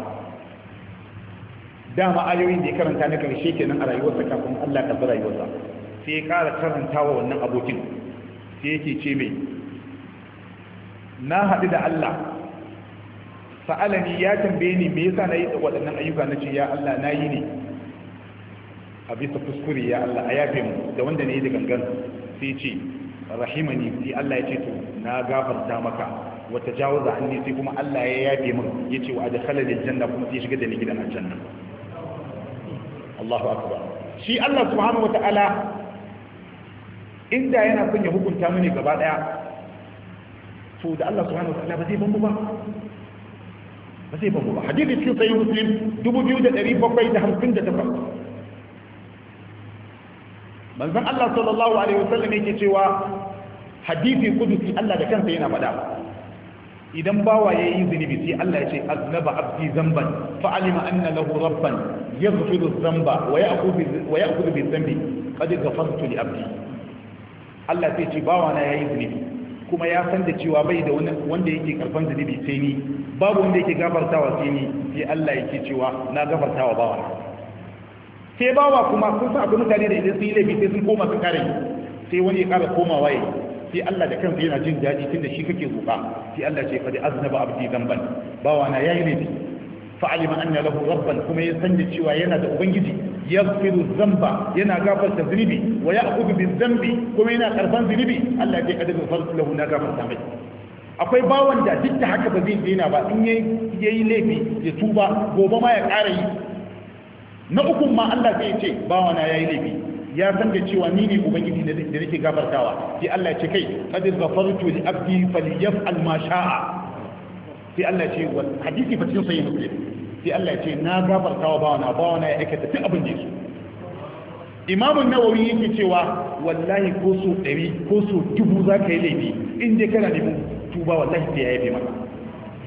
dama ayoyin da ya karanta na karshe kenan a rayuwarsa kafin Allah ka bar rayuwarsa sai ya kara karantawa wannan abokin sai yake ce mai na haɗu da Allah sa'alani ya tambaye ni me yasa nayi waɗannan ayyuka na ce ya Allah na yi ne a bisa kuskure ya Allah a yafe mu da wanda ne da gangan sai ce rahimani sai Allah ya ce to na gafarta maka wa tajawaza anni sai kuma Allah ya yafe min yace wa adkhala lil janna kuma sai shiga da ni gidan aljanna Allahu akbar shi Allah subhanahu wataala inda yana son ya hukunta mu ne gaba daya to da Allah subhanahu ta'ala ba zai bambu ba ba zai bambu ba hadisi cikin sahih muslim 2758 manzon Allah sallallahu alaihi wasallam yake cewa hadisi kudusi Allah da kansa yana faɗa idan bawa ya yi zunubi sai Allah ya ce aznaba abdi zamban fa alima anna lahu rabban yaghfiru Zamba wa ya'khudhu wa ya'khudhu bi dhanbi qad ghafartu li abdi Allah sai ce bawa na yayi zunubi kuma ya san da cewa bai da wanda yake karfan zunubi sai ni babu wanda yake gafartawa sai ni sai Allah yake cewa na gafartawa bawa na sai bawa kuma sun sa akwai mutane da idan sun yi laifi sai sun koma sun kare sai wani ya kara koma waye sai Allah da kansa yana jin daɗi tun da shi kake roƙa sai Allah ce fa da aznaba abdi zamban bawa na yayi laifi fa alima anna lahu rabban kuma ya sanya cewa yana da ubangiji yaghfiru dhanba yana gafarta zunubi wa ya'khudhu bizambi kuma yana karban zunubi Allah ya kadar farsu lahu na gafarta mai akwai bawan da duk da haka ba zai daina ba in yayi yayi laifi ya tuba gobe ma ya ƙara yi na ukun ma Allah zai ce bawana yayi laifi ya san da cewa ni ne ubangiji da nake gafartawa sai Allah ya ce kai qad ghafartu li abdi falyaf'al ma sha'a sai Allah ya ce hadisi fa cikin sahih muslim sai Allah ya ce na gafartawa bawana bawana ya aikata duk abin da yake imamun nawawi yake cewa wallahi ko so ɗari ko so dubu za ka yi laifi in dai kana nemi tuba wallahi sai ya yabe maka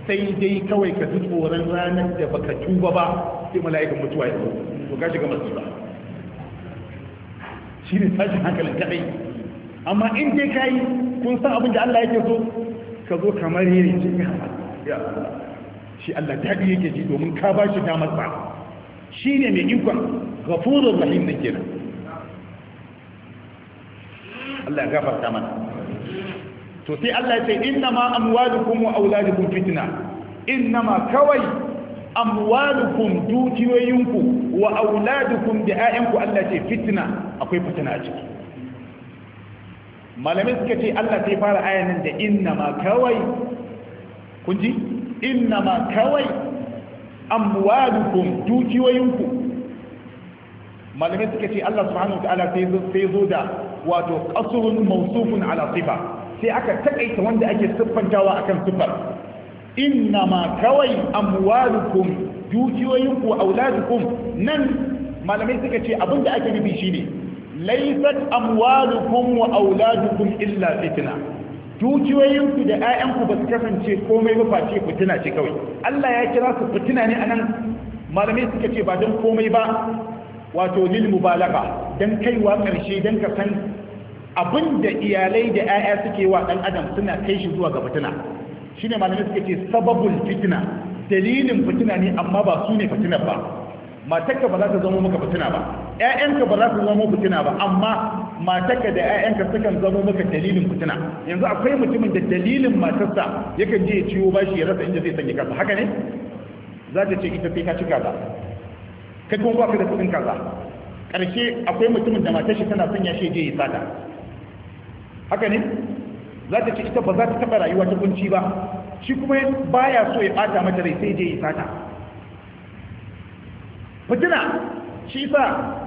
sai dai kawai ka ji tsoron ranar da baka tuba ba sai mala'ikan mutuwa ya ko gashi ka shiga masifa shi ne tashin hankalin kadai amma in dai ka yi kun san abin da Allah yake so ka zo kamar yare ce ya shi Allah daɗi yake ji domin ka ba shi damar ba shi ne mai ikon gafurur rahim na kenan Allah ya ta mana to sai Allah ya ce inna ma amwalukum wa auladukum fitna inna ma kawai amwalukum dukiyoyinku wa auladukum da ƴaƴanku Allah ce fitna akwai fitina a ciki malamai suka ce Allah sai fara ayanin da inna ma kawai kunji, ji inna ma kawai amwalukum dukiyoyinku malamai suka ce Allah subhanahu wa ta'ala sai zo da wato qasrun mawsufun ala sifa sai aka takaita wanda ake siffantawa akan sifar ma kawai amwalukum dukiyoyinku auladukum nan malamai suka ce abin da ake nufi shine laysat amwalukum wa auladukum illa fitna dukiyoyinku da ƴaƴanku ba su kasance komai ba face fitina ce kawai Allah ya kira su fitina ne anan malamai suka ce ba dan komai ba wato lil mubalaga dan kaiwa karshe dan ka san abinda iyalai da ƴaƴa suke wa ɗan adam suna kai shi zuwa ga fitina ne malamai suka ce sababul fitina? dalilin fitina ne amma ba su ne fitina ba matarka ba za ta zama maka fitina ba ƴaƴanka ba za su zama fitina ba amma matarka da ƴaƴanka sukan zama maka dalilin fitina yanzu akwai mutumin da dalilin matarsa yakan je ya ciwo bashi ya rasa inda zai sanya kansa haka ne za ta ce ita sai ka ci kaza kai kuma ba ka da kuɗin kaza ƙarshe akwai mutumin da matar shi tana sanya shi je ya sata haka ne za ta ce ita ba za ta taɓa rayuwa ta kunci ba shi kuma baya so ya ɓata mata rai sai je ya sata fitina shi sa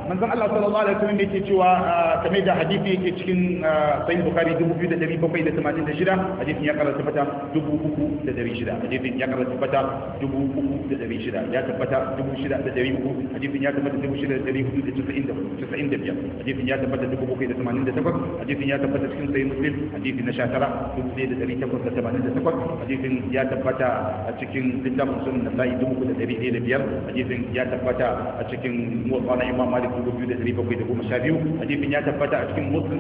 manzon Allah sallallahu alaihi wasallam yake cewa ah, kamar da hadisi yake cikin ah, sahih bukhari 2786 hadisin ya karanta fata 3600 hadisin ya karanta fata 3600 ya tabbata 6300 hadisin ya tabbata 6495 hadisin ya tabbata 788 hadisin ya tabbata cikin sahih muslim hadisin na 19 1888 hadisin ya tabbata a cikin littafin sunan nasa'i 1105 hadisin ya tabbata a cikin muwatta na imam malik من وجود الحبيب وكيد أبو مشابيو هذه بنية بدأ تكون مسلم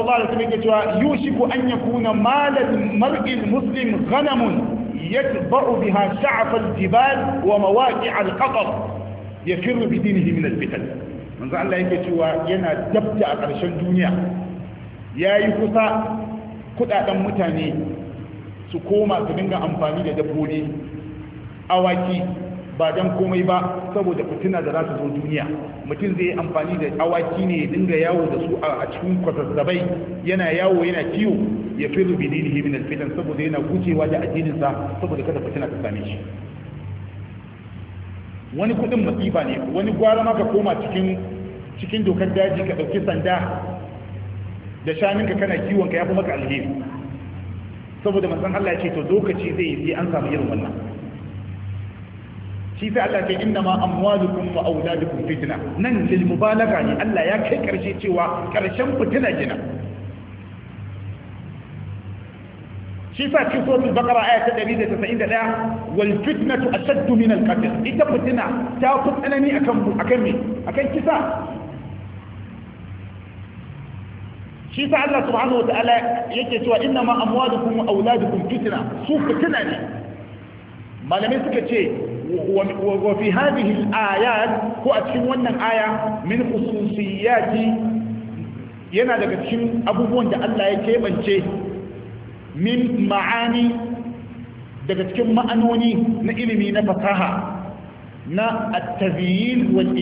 ذا يوشك أن يكون مال المرء المسلم غنم يتبع بها شعف الجبال ومواقع القطر يفر بدينه من الفتن من ذا الله يكتوا ينا دبت أقرشان دنيا ya yi kusa kudaden mutane su koma su dinga amfani da dabbobi awaki ba don komai ba saboda fitina da za su zo duniya mutum zai yi amfani da awaki ne ya dinga yawo da su a cikin kwazazzabai yana yawo yana kiwo ya fi zubi ne lihi alfitan saboda yana gujewa da addininsa saboda kada fitina ta same shi wani kudin masifa ne wani gwara ma ka koma cikin cikin dokar daji ka ɗauki sanda da shanunka kana kiwonka ya fi maka alheri saboda manzon Allah ya ce to lokaci zai yi sai an samu irin wannan shi sai Allah ya ce inna ma amwalukum wa auladukum fitna nan lil mubalagha ne Allah ya kai karshe cewa karshen fitina gina shi sa cikin suratul baqara aya ta 191 wal fitnatu ashaddu min al qatl ita fitina ta fi tsanani akan akan me akan kisa shi sa Allah subhanahu wataala yake cewa inna ma amwalukum wa auladukum fitna su fitna ne malamai suka ce wa fi hadhihi al-ayat ko a cikin wannan aya min khususiyati yana daga cikin abubuwan da Allah ya kebance min ma'ani daga cikin ma'anoni na ilimi na fasaha na at-tazyil wal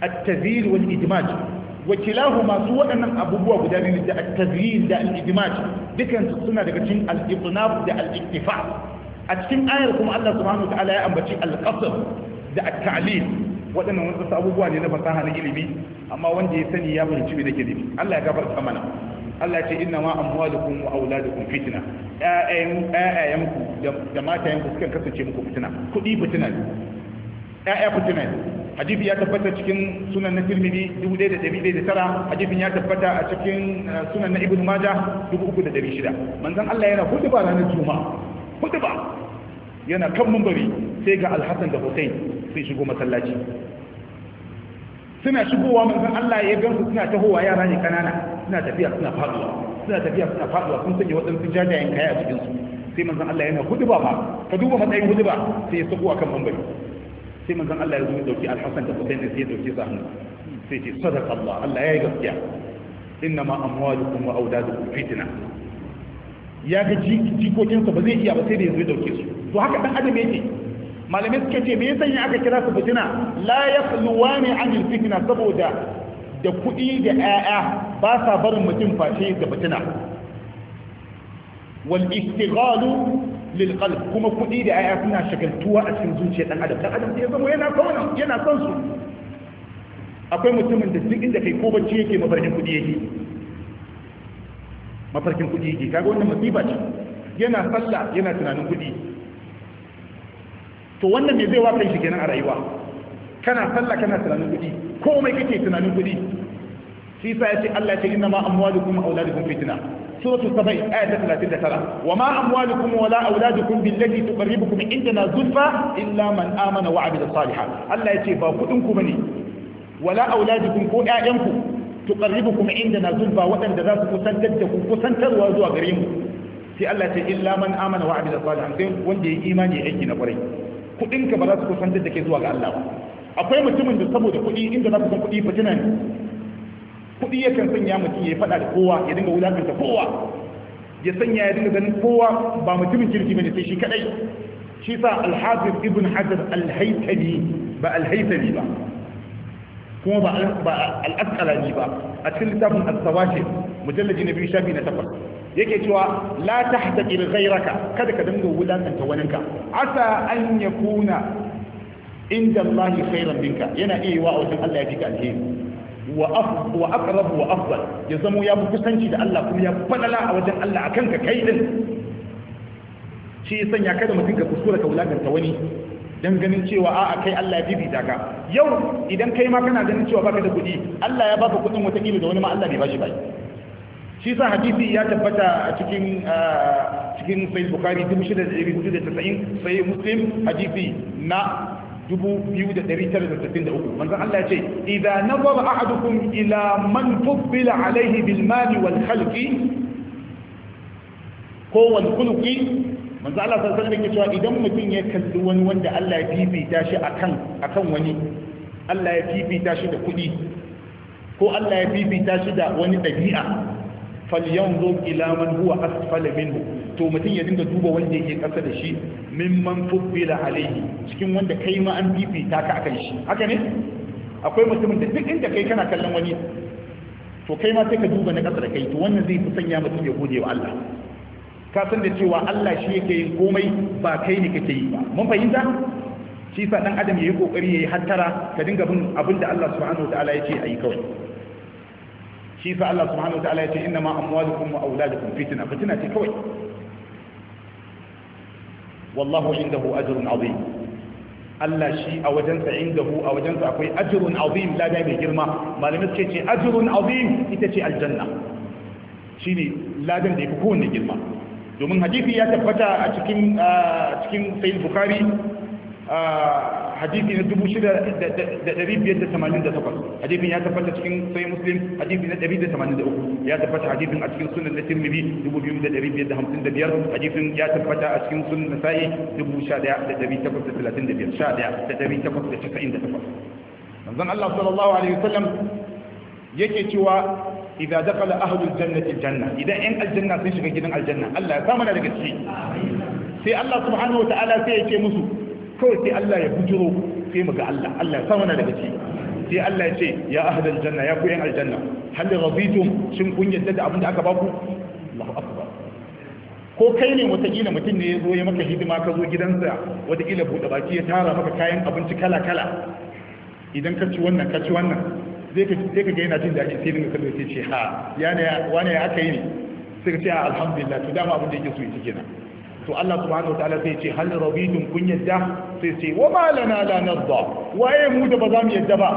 at wal wakilahu masu waɗannan abubuwa guda biyu da at da al-idmaj dukan suna daga cikin al da al-iktifa a cikin ayar kuma Allah subhanahu wataala ya ambaci al-qasr da at-ta'lil waɗannan wasu abubuwa ne na fasaha na ilimi amma wanda ya sani ya fahimci me nake nufi Allah ya gafarta mana Allah ce inna ma amwalukum wa da kasance fitina fitina ƴaƴa hadisi ya tabbata cikin sunan na tirmidhi 1109 hadisi ya tabbata a cikin eh, sunan na ibnu majah 3600 manzon Allah yana hutuba ranar juma'a hutuba yana kan mumbari sai ga al-hasan da hussein sai shigo masallaci suna shigowa manzon Allah ya gansu suna tahowa yara ne kanana suna tafiya suna faduwa suna tafiya suna faduwa sun sanya waɗansu jajayen kaya a cikin su sai manzon Allah yana huduba ba ka duba matsayin huduba sai ya sako akan mambari sai manzon Allah ya zo ya dauki al-Hasan da Hussein sai ya dauki sa hannu sai ce sadaqa Allah Allah yayi gaskiya innama amwalukum wa auladukum fitna ya ga jikokin sa ba zai iya ba sai da ya zo ya dauke su to haka dan adam yake malamai suke ce me yasa aka kira su fitina la yaqluwani anil fitna saboda da kuɗi da ƴaƴa ba sa barin mutum face da fitina wal istighalu lil kuma kuɗi da aya suna shagaltuwa a cikin zuciyar dan adam dan adam sai ya zama yana son yana son su akwai mutumin da duk inda kai ko bacci yake mafarkin kuɗi yake mafarkin kuɗi yake kaga wannan masifa ce yana sallah yana tunanin kuɗi to wannan me zai wa shi kenan a rayuwa kana sallah kana tunanin kuɗi komai kake tunanin kuɗi shi yasa ce Allah ya ce inna ma amwalukum wa auladukum fitna سورة السبعين آية 39 وما أموالكم ولا أولادكم بالتي تقربكم عندنا زلفى إلا من آمن وعمل صالحا الله يتي باقودنكم مني ولا أولادكم كو آيانكم تقربكم عندنا زلفى وأن دراسكم سنتدكم كسنتر وزوى غريمكم في الله يتي إلا من آمن وعمل صالحا وندي إيماني عينا قريب كudinka ba za su kusantar da ke zuwa ga Allah ba akwai mutumin da saboda kuɗi inda za ku san kuɗi fitina ne kuɗi yakan sanya mutum ya faɗa da kowa ya dinga wulakanta kowa ya sanya ya dinga ganin kowa ba mutumin kirki bane sai shi kadai shi sa al ibn hajar al-haytami ba al-haytami ba kuma ba al-asqalani ba a cikin littafin as-sawashir mujallaji na biyu shafi na takwas yake cewa la tahtaqir ghayraka kada ka dinga wulakanta waninka asa an yakuna inda Allah khairan binka. yana iya yi wa wajen Allah ya fi ka alheri wa wa aqrab wa afdal ya zamo ya fi kusanci da Allah kuma ya fadala a wajen Allah akan ka kai din shi ya sanya kada mutum ka kuskura ka wulakanta wani dan ganin cewa a'a kai Allah ya bibita ka yau idan kai ma kana ganin cewa baka da kuɗi Allah ya baka kuɗin wata kila da wani ma Allah bai bashi ba shi sa hadisi ya tabbata a cikin cikin sai bukari 6490 sai muslim hadisi na 2963 manzon Allah ya ce idza nazara ahadukum ila man fuddila alayhi bil mali wal khalqi ko wal khulqi manzon Allah sallallahu alaihi wasallam ya idan mutum ya kalli wani wanda Allah ya fifita shi akan akan wani Allah ya fifita shi da kuɗi ko Allah ya fifita shi da wani ɗabi'a falyanzur ila man huwa asfala minhu to mutum ya dinga duba wanda yake kasa da shi mimman fuddila alaihi cikin wanda kai ma an fifita ka akan shi haka ne akwai mutumin da duk inda kai kana kallon wani to kai ma sai ka duba na kasa da kai to wannan zai fi sanya mutum ya gode wa Allah ka san da cewa Allah shi yake yin komai ba kai ne kake yi ba mun fahimta shi sa dan adam yayi kokari yayi hattara ka dinga bin abin da Allah subhanahu wa ta'ala yake ayi kawai shi sa Allah subhanahu wa ta'ala ya ce inna ma amwalukum wa auladukum fitna fitna ce kawai wallahu indahu ajrun azim Allah shi a wajen wajensa indahu a wajen sa akwai ajrun azim lada mai girma malamai suke ce ajrun azim ita ce aljanna shine ladan da yafi kowanne girma domin hadisi ya tabbata a cikin cikin sahih bukhari hadisi na 6588 hadisin ya tabbata cikin sai muslim hadisi na 183 ya tabbata hadisin a cikin sunan da tirmidhi 2555 hadisin ya tabbata a cikin sunan nasa'i 11835 1898 manzon Allah sallallahu alaihi wasallam yake cewa idza dakala ahlul jannati janna idan yan aljanna sun shiga gidan aljanna Allah ya samu daga ciki sai Allah subhanahu wa ta'ala sai ya ce musu kawai sai Allah ya bujiro sai mu ga Allah Allah ya samu daga ciki sai Allah ya ce ya ahlan janna ya ku yan aljanna hal raditum shin kun yadda da abin da aka baku Allahu akbar ko kai ne gina mutum ne ya zo ya maka hidima ka zo gidansa gina buɗe baki ya tara maka kayan abinci kala kala idan ka ci wannan ka ci wannan zai ka ga yana jin daɗi sai dinga kallo sai ce ha yana wani ya aka yi ne sai ka ce alhamdulillah to dama abin da yake so ya ci kenan to Allah subhanahu wataala sai ce hal rabitun kun yadda sai ce wa ma lana la nadda waye mu da ba za mu yadda ba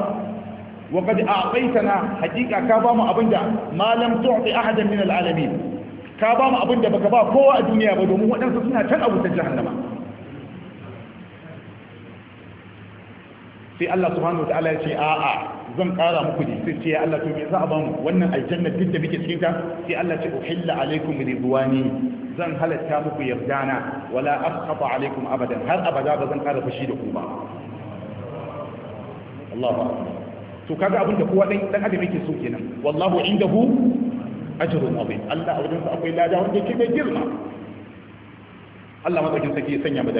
wa qad a'taytana haqiqa ka ba mu abinda ma lam tu'ti ahadan min al'alamin ka ba mu abinda baka ba kowa a duniya ba domin waɗansu suna can abutan jahannama sai Allah subhanahu wataala ya ce a'a zan kara muku ne sai ya Allah to me za a bamu wannan aljanna duk da muke cikin ta sai Allah ce uhilla alaikum ridwani zan halatta muku yardana wala asqata alaikum abadan har abada ba zan kara fushi da ku ba Allahu akbar to kaga abin da kowa dan adam yake so kenan wallahu indahu ajrun azim Allah a wajen sa akwai lada wanda yake mai girma Allah madaukin sake ya sanya mu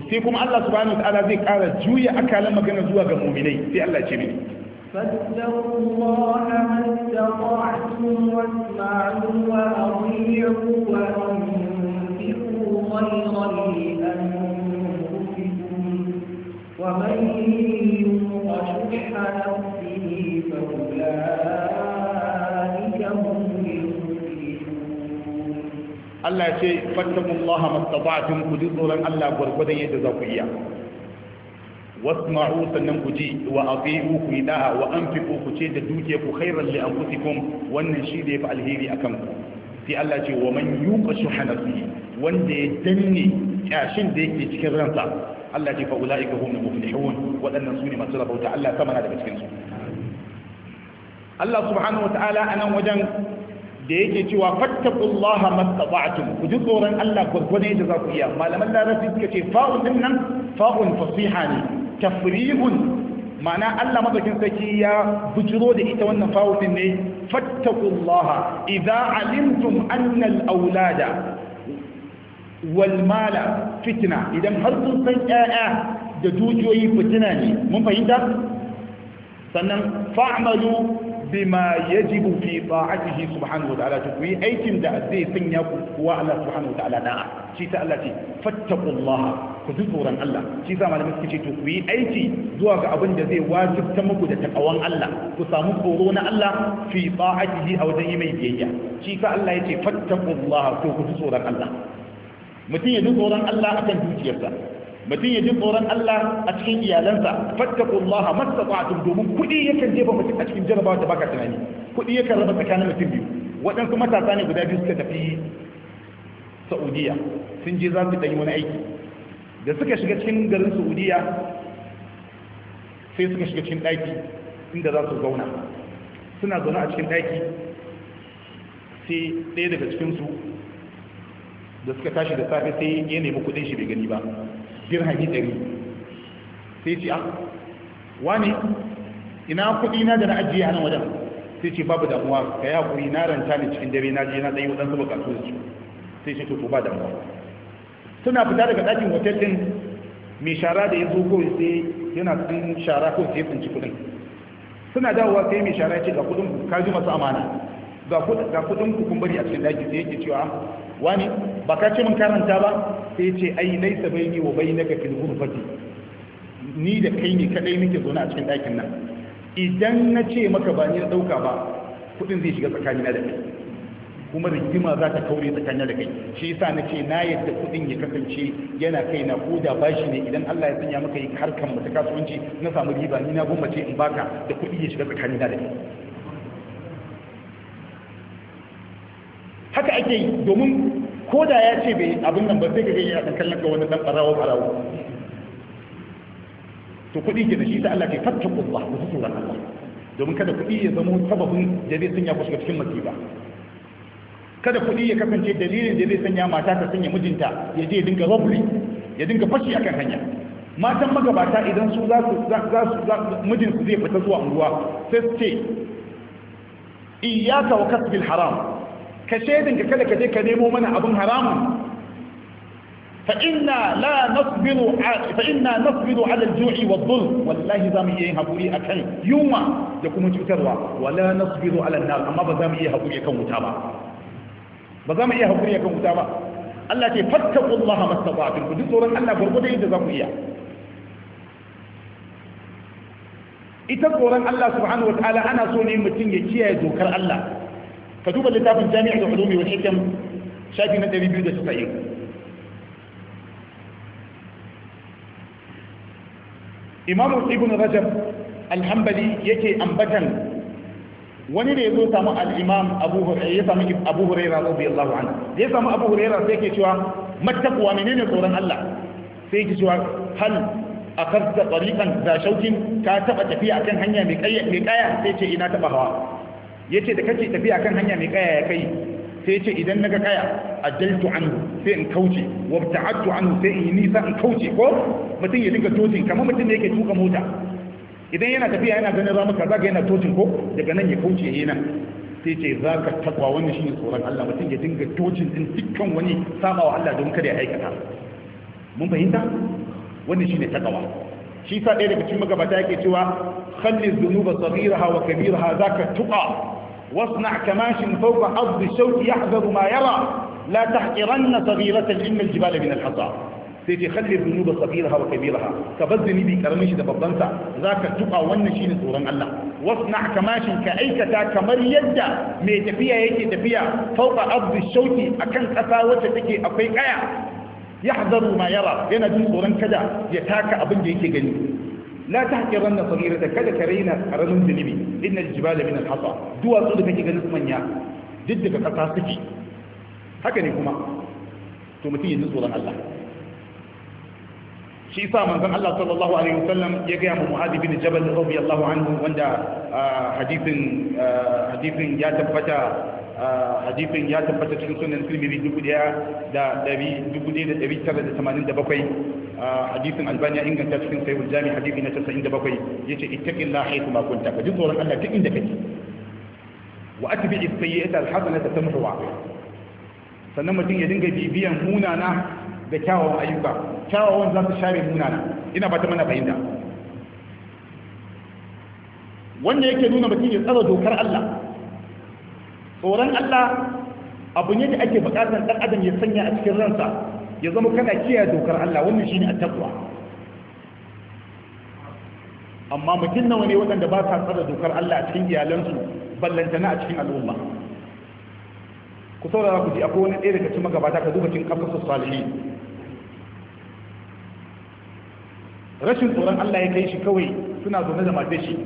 to sai kuma Allah subhanahu wataala zai kara juya akalan magana zuwa ga mu'minai sai Allah ce mini فاتقوا الله ما استطعتم واسمعوا وأطيعوا وأنفقوا خيرا لأنفسكم ومن Allah ya ce fattakullaha mastata'tum ku ji tsoron Allah gwargwadon yadda za ku iya wasma'u sannan ku ji wa ati'u ku da'a wa an anfiqu ku ce da duke ku khairan li anfusikum wannan shi da yafi alheri akan ku sai Allah ce wa man yuqa shuha nafsihi wanda ya danne kyashin da yake cikin ransa Allah ce fa ulaika humul muflihun wadannan sune masu rabauta Allah sama na daga cikin su Allah subhanahu wa ta'ala anan wajen da yake cewa fattaqullaha mastata'tum ku ji tsoron Allah gurgune da za ku iya malaman larabci suka ce fa'un din nan fa'un fasiha ne tafrihun ma'ana Allah madaukin saki ya bujiro da ita wannan fa'un din ne fattaqullaha idza alimtum anna al-aulada wal mala fitna idan har kun san ƴaƴa da dukiyoyi fitina ne mun fahimta sannan fa'malu bima yajibu fi ta'atihi subhanahu wa ta'ala ku yi aikin da zai sanya ku kuwa Allah subhanahu wa ta'ala da'a shi ta Allah ce fattaqullaha ku ji tsoron Allah shi sa malamin suke ce to ku yi aiki zuwa ga abin da zai wajibta muku da takawan Allah ku samu tsoro na Allah fi ta'atihi a wajen yi mai biyayya shi sa Allah ya ce fattaqullaha ku ji tsoron Allah mutum ya ji tsoron Allah akan dukiyarsa mutum ya ji tsoron Allah a cikin iyalansa fattakullaha mastata'tum domin ya yakan jefa mutum a cikin jarabawa da baka tunani ya yakan raba tsakanin mutum biyu waɗansu matasa ne guda biyu suka tafi Saudiya sun je za su ɗanyi wani aiki da suka shiga cikin garin Saudiya sai suka shiga cikin ɗaki inda za su zauna suna zaune a cikin ɗaki sai ɗaya daga cikinsu da suka tashi da safe sai ya nemi kuɗin shi bai gani ba dirhami ɗari sai ce ah, wani ina kuɗi na da na ajiye hannun wajen sai ce babu damuwa ka yi haƙuri na ranta ne cikin dare na je na ɗaya waɗansu bukatu da su sai ce to ba damuwa suna fita daga ɗakin hotel ɗin mai shara da ya zo kawai sai yana cikin shara ko sai tsinci kuɗin suna dawowa sai mai shara ya ce ga kuɗin ka ji masu amana ga kuɗin ku kun bari a cikin ɗaki sai yake cewa wani ba ka ce mun karanta ba sai ce ai bai baini wa bainaka fil gurfati ni da kai ne kadai muke zaune a cikin dakin nan idan na ce maka ba ni na ɗauka ba kuɗin zai shiga tsakanina da kai kuma rigima za ta kaure tsakanin da kai shi yasa na ce na yadda kuɗin ya kasance yana kai na ko da bashi ne idan Allah ya sanya maka yi harkan mu ta kasuwanci na samu riba ni na gumace in baka da kuɗi ya shiga tsakanina da kai haka ake yi domin ko da ya ce bai abin nan ba sai ka gani a kallon ga wani dan barawo barawo to kuɗi ke da shi sai Allah ke fatta kubba ku su tsoron Allah domin kada kuɗi ya zama sababin da zai sanya ku shiga cikin masifa kada kuɗi ya kasance dalilin da zai sanya mata ta sanya mijinta ya je ya dinga robbery ya dinga fashi akan hanya matan magabata idan su za su za su mijin su zai fita zuwa unguwa sai su ce iyyaka wa kasbil haram ka shaidin ka kada ka je ka nemo mana abin haramun fa inna la nasbiru fa inna nasbiru ala al-ju'i wa dhulm wallahi za mu iya hakuri akan yunwa da wala nasbiru ala an amma ba za mu iya hakuri akan wuta ba ba za mu iya hakuri akan wuta ba Allah ce tsoron Allah gurgurda yadda za ku iya ita tsoron Allah subhanahu wa ta'ala ana so ne mutum ya kiyaye dokar Allah ka duba littafin jami'a da ulumi wa hikam shafi na 270 imamu ibn rajab alhambali yake ambatan wani ne ya zo samu al'imam eh, ya samu abu huraira radiyallahu ya samu abu huraira sai ke cewa ne ne tsoron Allah sai ke cewa hal a karta tsarikan da shaukin ta taba tafiya akan hanya mai kaya sai ce ina taba hawa yace da kake tafiya kan hanya mai kaya ya kai sai ce idan naga kaya ajaltu anhu sai in kauce wa ta'attu anhu sai in nisa in kauce ko mutum ya dinga totin kamar mutum ne yake tuka mota idan yana tafiya yana ganin ramuka ka yana totin ko daga nan ya kauce yana sai ce za ka takwa wannan shi ne tsoron Allah mutum ya dinga tocin din dukkan wani saba wa Allah don kada ya aikata mun fahimta wannan shi ne takawa shi sa ɗaya daga cikin magabata cewa khalli zunuba sabiraha wa kabiraha zaka tuqa wasna kamashin fawqa ard shawqi yahdaru ma yara la tahqiranna sabiratan in aljibala min alhasa sai ce khalli zunuba sabiraha wa kabiraha ka bar zunubi karamin shi da babban sa zaka tuqa wannan shine tsoron Allah wasna kamashin ka aikata kamar yadda mai tafiya yake tafiya fawqa ard shawqi akan kasa wacce take akwai ƙaya. yahzaru ma yara yana jin tsoron kada ya taka abin da yake gani la ta tahqiran da kada ka raina karamin zunubi innal jibala min al-hasa duwatsu da kake ganin manya duk daga kasa suke haka ne kuma to mutum ya ji tsoron Allah shi sa manzon Allah sallallahu alaihi wasallam ya ga mu Mu'adh bin Jabal radiyallahu anhu wanda hadisin hadithin ya tabbata hadisin ya tabbata cikin sunan tirmidhi bakwai. hadisin albani ya inganta cikin sahihul jami hadisi na bakwai. yace la haythu ma kunta ka ji tsoron Allah duk inda kake wa atbi as-sayyi'ata al-hasanata tamhuha sannan mutum ya dinga bibiyan munana da kyawawan ayyuka kyawawan za su share munana ina ba ta mana fahimta wanda yake nuna mutum ya tsara dokar Allah tsoron Allah abu ne da ake bukatar dan adam ya sanya a cikin ransa ya zama kana kiyaye dokar Allah wannan shine at-taqwa amma mutum nawa ne waɗanda ba sa tsara dokar Allah a cikin iyalansu ballantana a cikin al'umma ku saurara ku ji akwai wani ɗaya daga cikin magabata ka duba cikin kafafu salihi rashin tsoron Allah ya kai shi kawai suna zaune da matar shi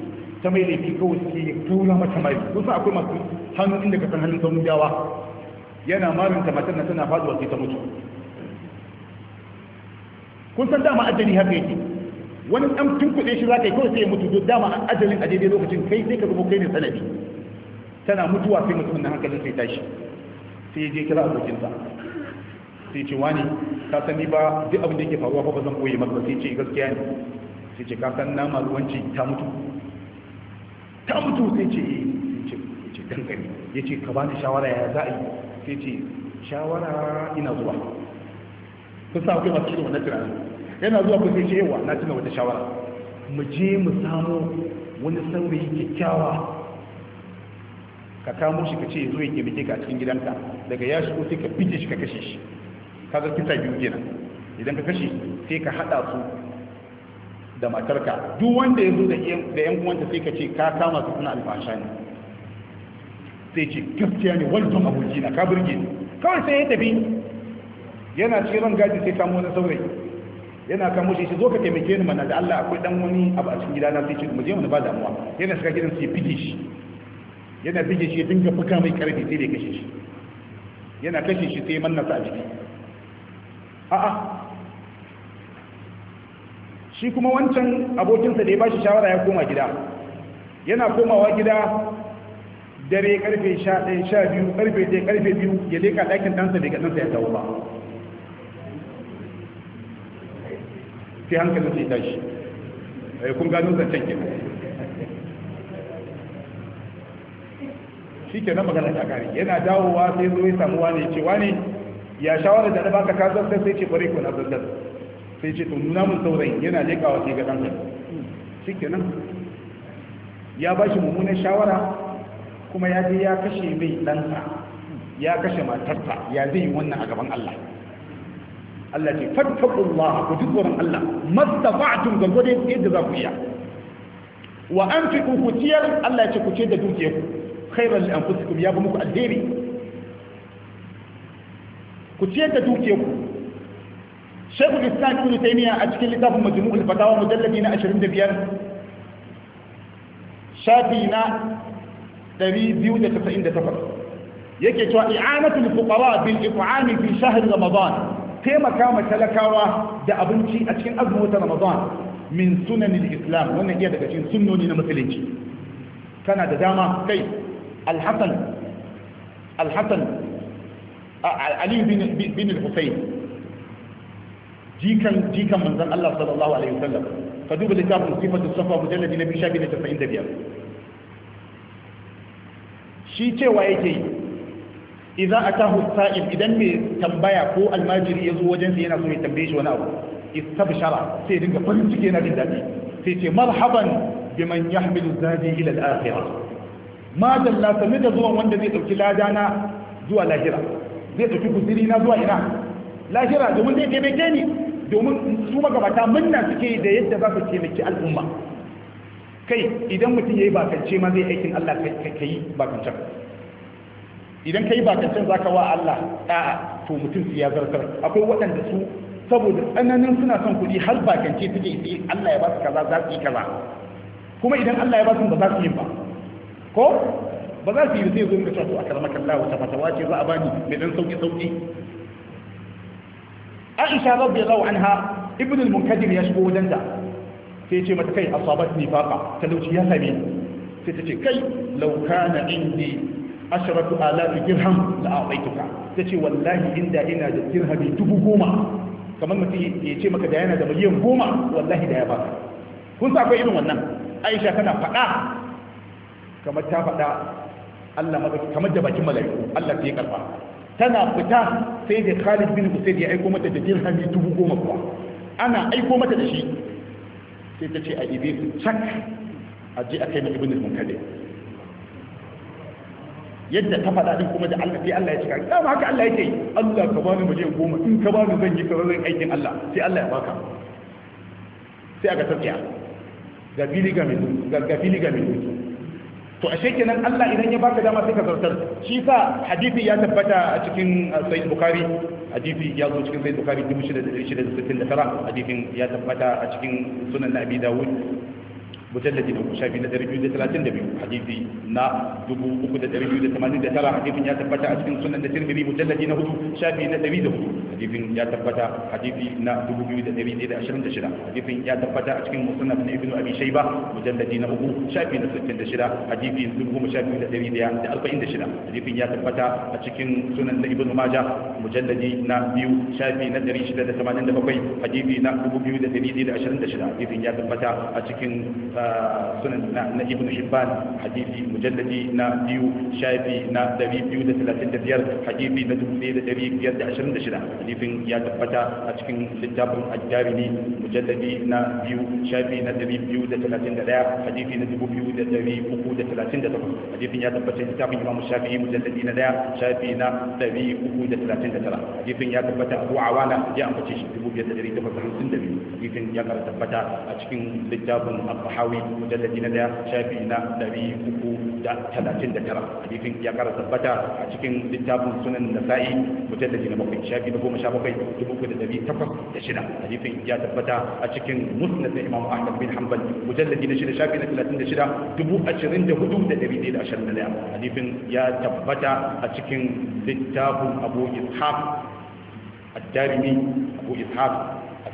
ta mai laifi kawai suke tura mata mai kusa akwai masu hannu inda ka san hannun sauran jawa yana marinta matar na tana faduwa sai ta mutu kun san dama ajali haka yake wani dan tun kuɗe shi za ka yi kawai sai ya mutu don dama ajalin a daidai lokacin kai sai ka rubo kai ne sanadi tana mutuwa sai mutumin na hankalin sai tashi sai ya je kira abokinsa sai ce wani ka sani ba duk abin da yake faruwa ba ba zan koyi maka sai ce gaskiya ne sai ce ka san nama ruwanci ta mutu ta mutu sai ce eh. ya ce dangane ya ce ka bani shawara ya za'a yi sai ce shawara ina zuwa sun sa akwai masu cikin na tunanin yana zuwa ku sai ce yawa na tuna wata shawara mu je mu samu wani saurayi kyakkyawa ka kamo shi ka ce ya zo ya kemike ka a cikin gidanka daga ya shigo sai ka fice shi ka kashe shi ka kaga kisa biyu kenan idan ka kashe sai ka hada su da matarka duk wanda ya zo da yan uwanta sai ka ce ka kama su suna alfasha ne sai ce gaskiya ne wancan aboki na ka burge ni kawai sai ya tafi yana ran gaji sai kamo wani saurayi yana kamo shi zo ka taimake ni mana da Allah akwai dan wani abu a cikin gida na, sai ce mu je mu ba damuwa yana shiga gidan sai fige shi yana fige shi dinga fuka mai karfi sai da kashe shi yana kashe shi sai manna sa a jiki a'a shi kuma wancan abokinsa da ya ba shi shawara ya koma gida yana komawa gida dare karfe sha ɗaya sha biyu karfe ɗaya, karfe biyu, ya leka ɗakin ɗansa da ɗansa ya dawo ba sai hankalin sai tashi eh, kun gano zancen kenan shi ke nan magana ta kare yana dawowa sai zo ya samu wani ce wani ya shawara da na baka kasar sai ce kwarai ko na zanzar sai ce to nuna mun saurayi yana lekawa sai ga ɗansa kenan ya ba shi mummunan shawara kuma ya je ya kashe mai ɗansa ya kashe matarsa ya zai yi wannan a gaban Allah Allah ce fattakullah ku ji tsoron Allah mastafa'atun gangode yadda za ku iya wa an fi kukuciyar Allah ce ku ce da dukiyar ku khairar li anfusikum ya bi muku alheri ku ciyar da dukiyar ku shekul islam ibn taymiya a cikin littafin majmu'ul fatawa mujalladi na 25 shafi na 298 yake cewa i'anatul fuqara bil it'ami fi shahr ramadan taimaka ma talakawa da abinci a cikin azumin ramadan min sunanin islam wannan iya daga cikin sunnoni na musulunci kana da dama kai alhassan alhassan ali bin al-husayn jikan jikan manzon Allah sallallahu alaihi wasallam ka duba littafin sifatu safa mujalladi na biyu da na da biyar shi cewa yake yi idan atahu sa'il idan mai tambaya ko almajiri ya zo wajen sa yana so ya tambaye shi wani abu istabshara sai dinga farin ciki yana jin daɗi sai ce marhaban biman yahmilu zadi ila al-akhirah ma dalla sami da zuwan wanda zai dauki ladana zuwa lahira zai dauki guziri na zuwa ina lahira domin zai taimake ni domin su magabata munna suke da yadda za su taimaki al'umma kai idan mutum ya yi bakance ma zai aikin Allah ka yi bakancen idan ka yi bakancen za ka wa Allah ɗa'a to mutum su ya zartar akwai waɗanda su saboda tsananin suna son kuɗi har bakance suke yi Allah ya ba su kaza za su yi kaza kuma idan Allah ya ba su ba za su yi ba ko ba za su yi zai zo ga cewa to a karamakan lawa ta fatawa ce za a bani mai dan sauƙi sauƙi aisha radiyallahu anha ibn al-munkadir ya shigo wajen da sai ce mata kai asabat ni faqa talauci ya sami sai ta ce kai law kana indi asharatu alafi dirham la a'taituka ta ce wallahi inda ina da dirhami dubu goma kamar mutum ya ce maka da yana da miliyan goma wallahi da ya baka kun sa akwai irin wannan aisha tana faɗa kamar ta faɗa Allah kamar da bakin mala'iku Allah ta yi karfa. tana fita sai da Khalid bin Usaid ya aiko mata da dirhami dubu goma kuwa ana aiko mata da shi sai ta ce a ibe su cak a je a kai na ibn al-munkadir yadda ta faɗa din kuma da Allah sai Allah ya cika dama haka Allah yake Allah ka bani miliyan goma in ka bani zan yi sauran aikin Allah sai Allah ya baka sai aka tafiya ga fili ga mai ga fili mai to ashe kenan Allah idan ya baka dama sai ka zartar shi sa hadisi ya tabbata a cikin uh, Sahih Bukhari hadisi ya zo cikin Sahih Bukhari 6669 hadisin ya tabbata a cikin Sunan Abi Dawud بوتل دي نكو شابي ندر جود 30 دبي حديث نا دبو بوكو ندر جود 80 دترا حديث نيا تبتا اسكن سنن ندر بي بوتل دي نكو شابي ندر بي دبو حديث نيا تبتا حديث نا دبو بي ندر بي ندر 20 دشرا حديث نيا تبتا اسكن مسنن ابن ابن ابي شيبه بوتل دي نكو شابي ندر 60 دشرا حديث دبو مشابي ندر بي دي 40 دشرا حديث نيا تبتا اسكن سنن ابن ماجه مجلد نا بيو شابي ندر 60 دشرا حديث نا دبو بي ندر بي دي 20 حديث نيا تبتا اسكن آه، sunan na ibn hibban hadisi mujalladi na biyu shafi na 235 hadisi na 1526 hadisin ya tabbata a cikin littafin ajjarini mujalladi na biyu shafi na 231 hadisi na 2338 hadisin ya tabbata littafin imam shafi mujalladi na daya shafi na 339 hadisin ya tabbata abu awana ya ambace shi 2852 hadisin ya tabbata a cikin littafin al-bahawi hamid mujalladi na daya shafi na dari uku da talatin da tara hadisin ya kara tabbata a cikin littafin sunan nasa'i mujalladi na bakwai shafi na goma sha bakwai dubu da dari takwas da shida hadisin ya tabbata a cikin musnad na imam ahmad bin hanbal mujalladi na shida shafi na talatin da shida dubu ashirin da hudu da ya tabbata a cikin littafin abu ishaq الدارمي أبو إسحاق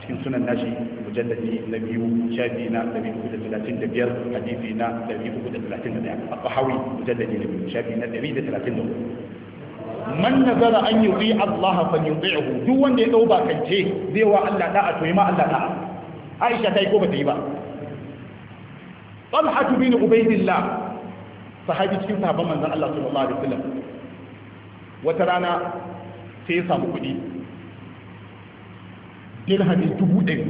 cikin sunan nashi mujalladi na biyu shafi na ɗari uku da talatin da biyar hadisi na ɗari uku da talatin da ɗaya a fahawi mujalladi na biyu shafi na ɗari da talatin da uku man nazara an yi ri Allah fa yuti'hu duk wanda ya dau bakance zai wa Allah da'a a yi ma Allah da'a Aisha ta yi ko ba ta yi ba Talha bin Ubaydillah sahabi cikin sahabban manzon Allah sallallahu alaihi wasallam wata rana sai ya samu kuɗi dirhami dubu ɗari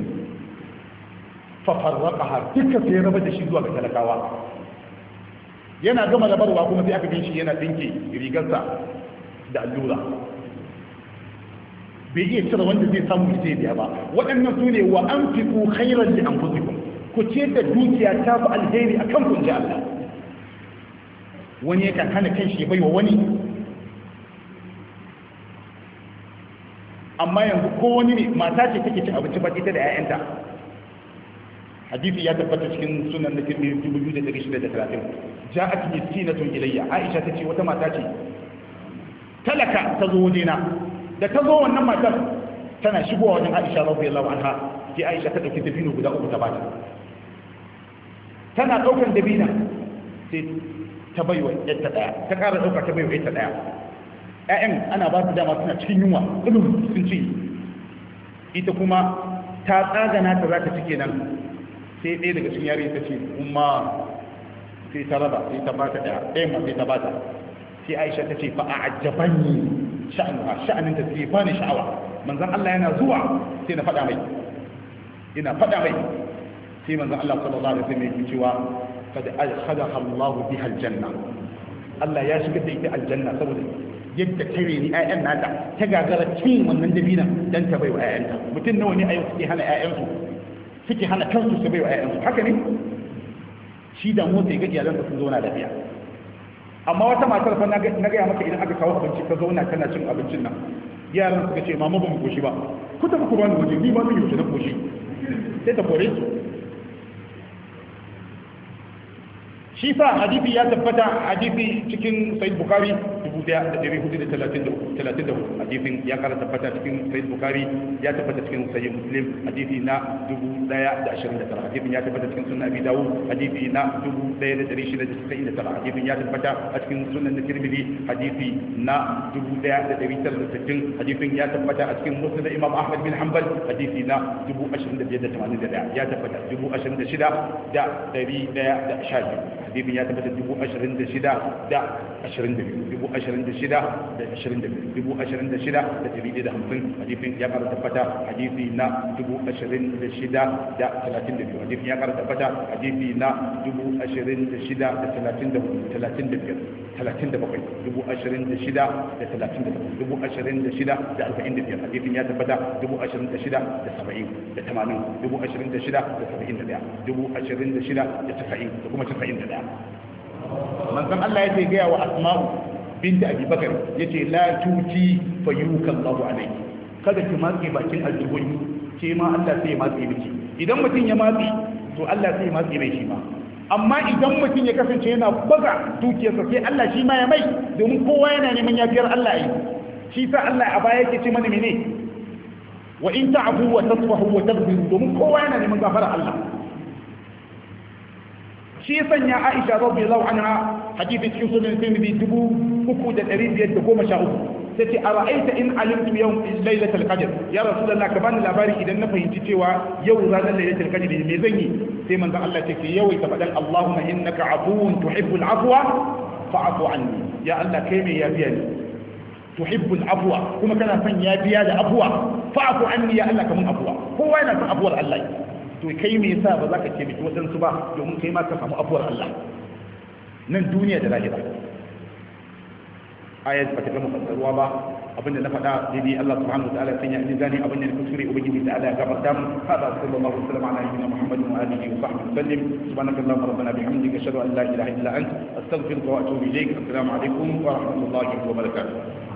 fafarraka har duka sai raba da shi zuwa ga talakawa yana gama labarwa kuma sai aka bin shi yana ɗinke rigarsa da allura bai iya cire wanda zai samu ita biya ba waɗannan su wa an fi ku khairan da an ku ce da dukiya ta fi alheri akan kan kunji Allah wani yakan hana kan shi bai wa wani amma yanzu ko wani ne mata ce take cin abinci ba ita da 'ya'yanta hadisi ya tabbata cikin sunan na kirmi 2630 ja'at miskinatun ilayya aisha ta ce wata mata ce talaka ta zo wajena da ta zo wannan matar tana shigowa wajen aisha radiyallahu anha sai aisha ta dauki dabino guda uku ta bata tana daukan dabina sai ta baiwa yadda daya ta kara dauka ta baiwa ta daya ƴaƴan ana ba su dama suna cikin yunwa ɗulum sun ci ita kuma ta tsagana ta za ta ci kenan sai ɗaya daga cikin yare ta ce kuma sai ta raba sai ta bata ɗaya ɗaya ma sai ta bata sai aisha ta ce ba a yi sha'anuha sha'anin ta sai bani sha'awa manzon Allah yana zuwa sai na faɗa mai ina faɗa mai sai manzon Allah sallallahu alaihi wasallam yake cewa kad akhadaha Allah biha aljanna Allah ya shiga da ita aljanna saboda yadda ta reni 'ya'yan nata ta gagara cin wannan dabinan dan ta baiwa 'ya'yanta mutum nawa ne a yau suke hana 'ya'yansu suke hana kansu su baiwa 'ya'yansu haka ne shi da motsa ga iyalan sun zauna lafiya amma wata matar fa na gaya maka idan aka kawo abinci ka zauna tana cin abincin nan yaran suka ce mama ban koshi ba ku tafi ku ni waje ni ba zan yaushe na koshi sai ta kore su shi sa hadisi ya tabbata hadisi cikin sahih bukhari 1434 hadisin ya kara tabbata cikin sahih bukhari ya tabbata cikin sahih muslim hadisi na 1029 hadisin ya tabbata cikin sunan abi dawud hadisi na 1699 hadisin ya tabbata a cikin sunan tirmidhi hadisi na 1960 hadisin ya tabbata a cikin musnad imam ahmad bin hanbal hadisi na 2581 ya tabbata 26 da 111 hadisin ya tabbata dubu ashirin da shida da ashirin da biyu dubu ashirin da shida da ashirin da biyu dubu ashirin da shida da ɗari da hamsin hadisin ya kara tabbata hadisi na dubu ashirin da shida da talatin da biyu hadisin ya kara tabbata hadisi na dubu ashirin da shida da talatin da talatin da biyar 37 dubu ashirin da shida da talatin da dubu ashirin da shida da arba'in da biyar hadisin ya tabbata dubu ashirin da shida da saba'in da tamanin dubu ashirin da shida da saba'in da daya dubu ashirin da shida da tasa'in da kuma tasa'in da daya manzon Allah ya ce gaya wa asma'u binta abi bakar ya ce la tuti fa yuka Allahu alayki kada ki matse bakin aljuhun ke ma Allah sai ya matse miki idan mutum ya matse to Allah sai ya matse mai shi ma amma idan mutum ya kasance yana baza dukiyarsa sai Allah shi ma ya mai domin kowa yana neman yafiyar Allah yi shi sa Allah a baya yake ce mana mene wa in ta'fu wa tasfahu wa tadbiru domin kowa yana neman gafara Allah shi ya sanya Aisha radiyallahu anha hadithin cikin sunan Tirmidhi 3513 sai ce ra'aita in alimtu yau lailatul qadr ya rasulullah ka bani labari idan na fahimci cewa yau ranar lailatul qadr me zan yi sai manzo Allah ce yawai ta fadan Allahumma innaka afuwun tuhibbul afwa fa'fu anni ya Allah kai mai yafiya ne tuhibbul afwa kuma kana son ya biya da afwa fa'fu anni ya Allah kamun afwa kowa yana son afwar Allah to kai me yasa ba za ka ce miki wadansu ba domin kai ma ka samu afwar Allah nan duniya da lahira ayat ba ta gama fassaruwa ba abinda na faɗa daidai Allah subhanahu wa ta'ala sanya ni zani abinda na kusure ubangiji ta ya gabar da mu hada sallallahu alaihi wa sallam ala nabiyyina muhammadin wa alihi wa sahbihi sallim subhanakallahumma rabbana bihamdika ashhadu an la ilaha illa anta astaghfiruka wa atubu ilaik assalamu alaikum wa rahmatullahi wa barakatuh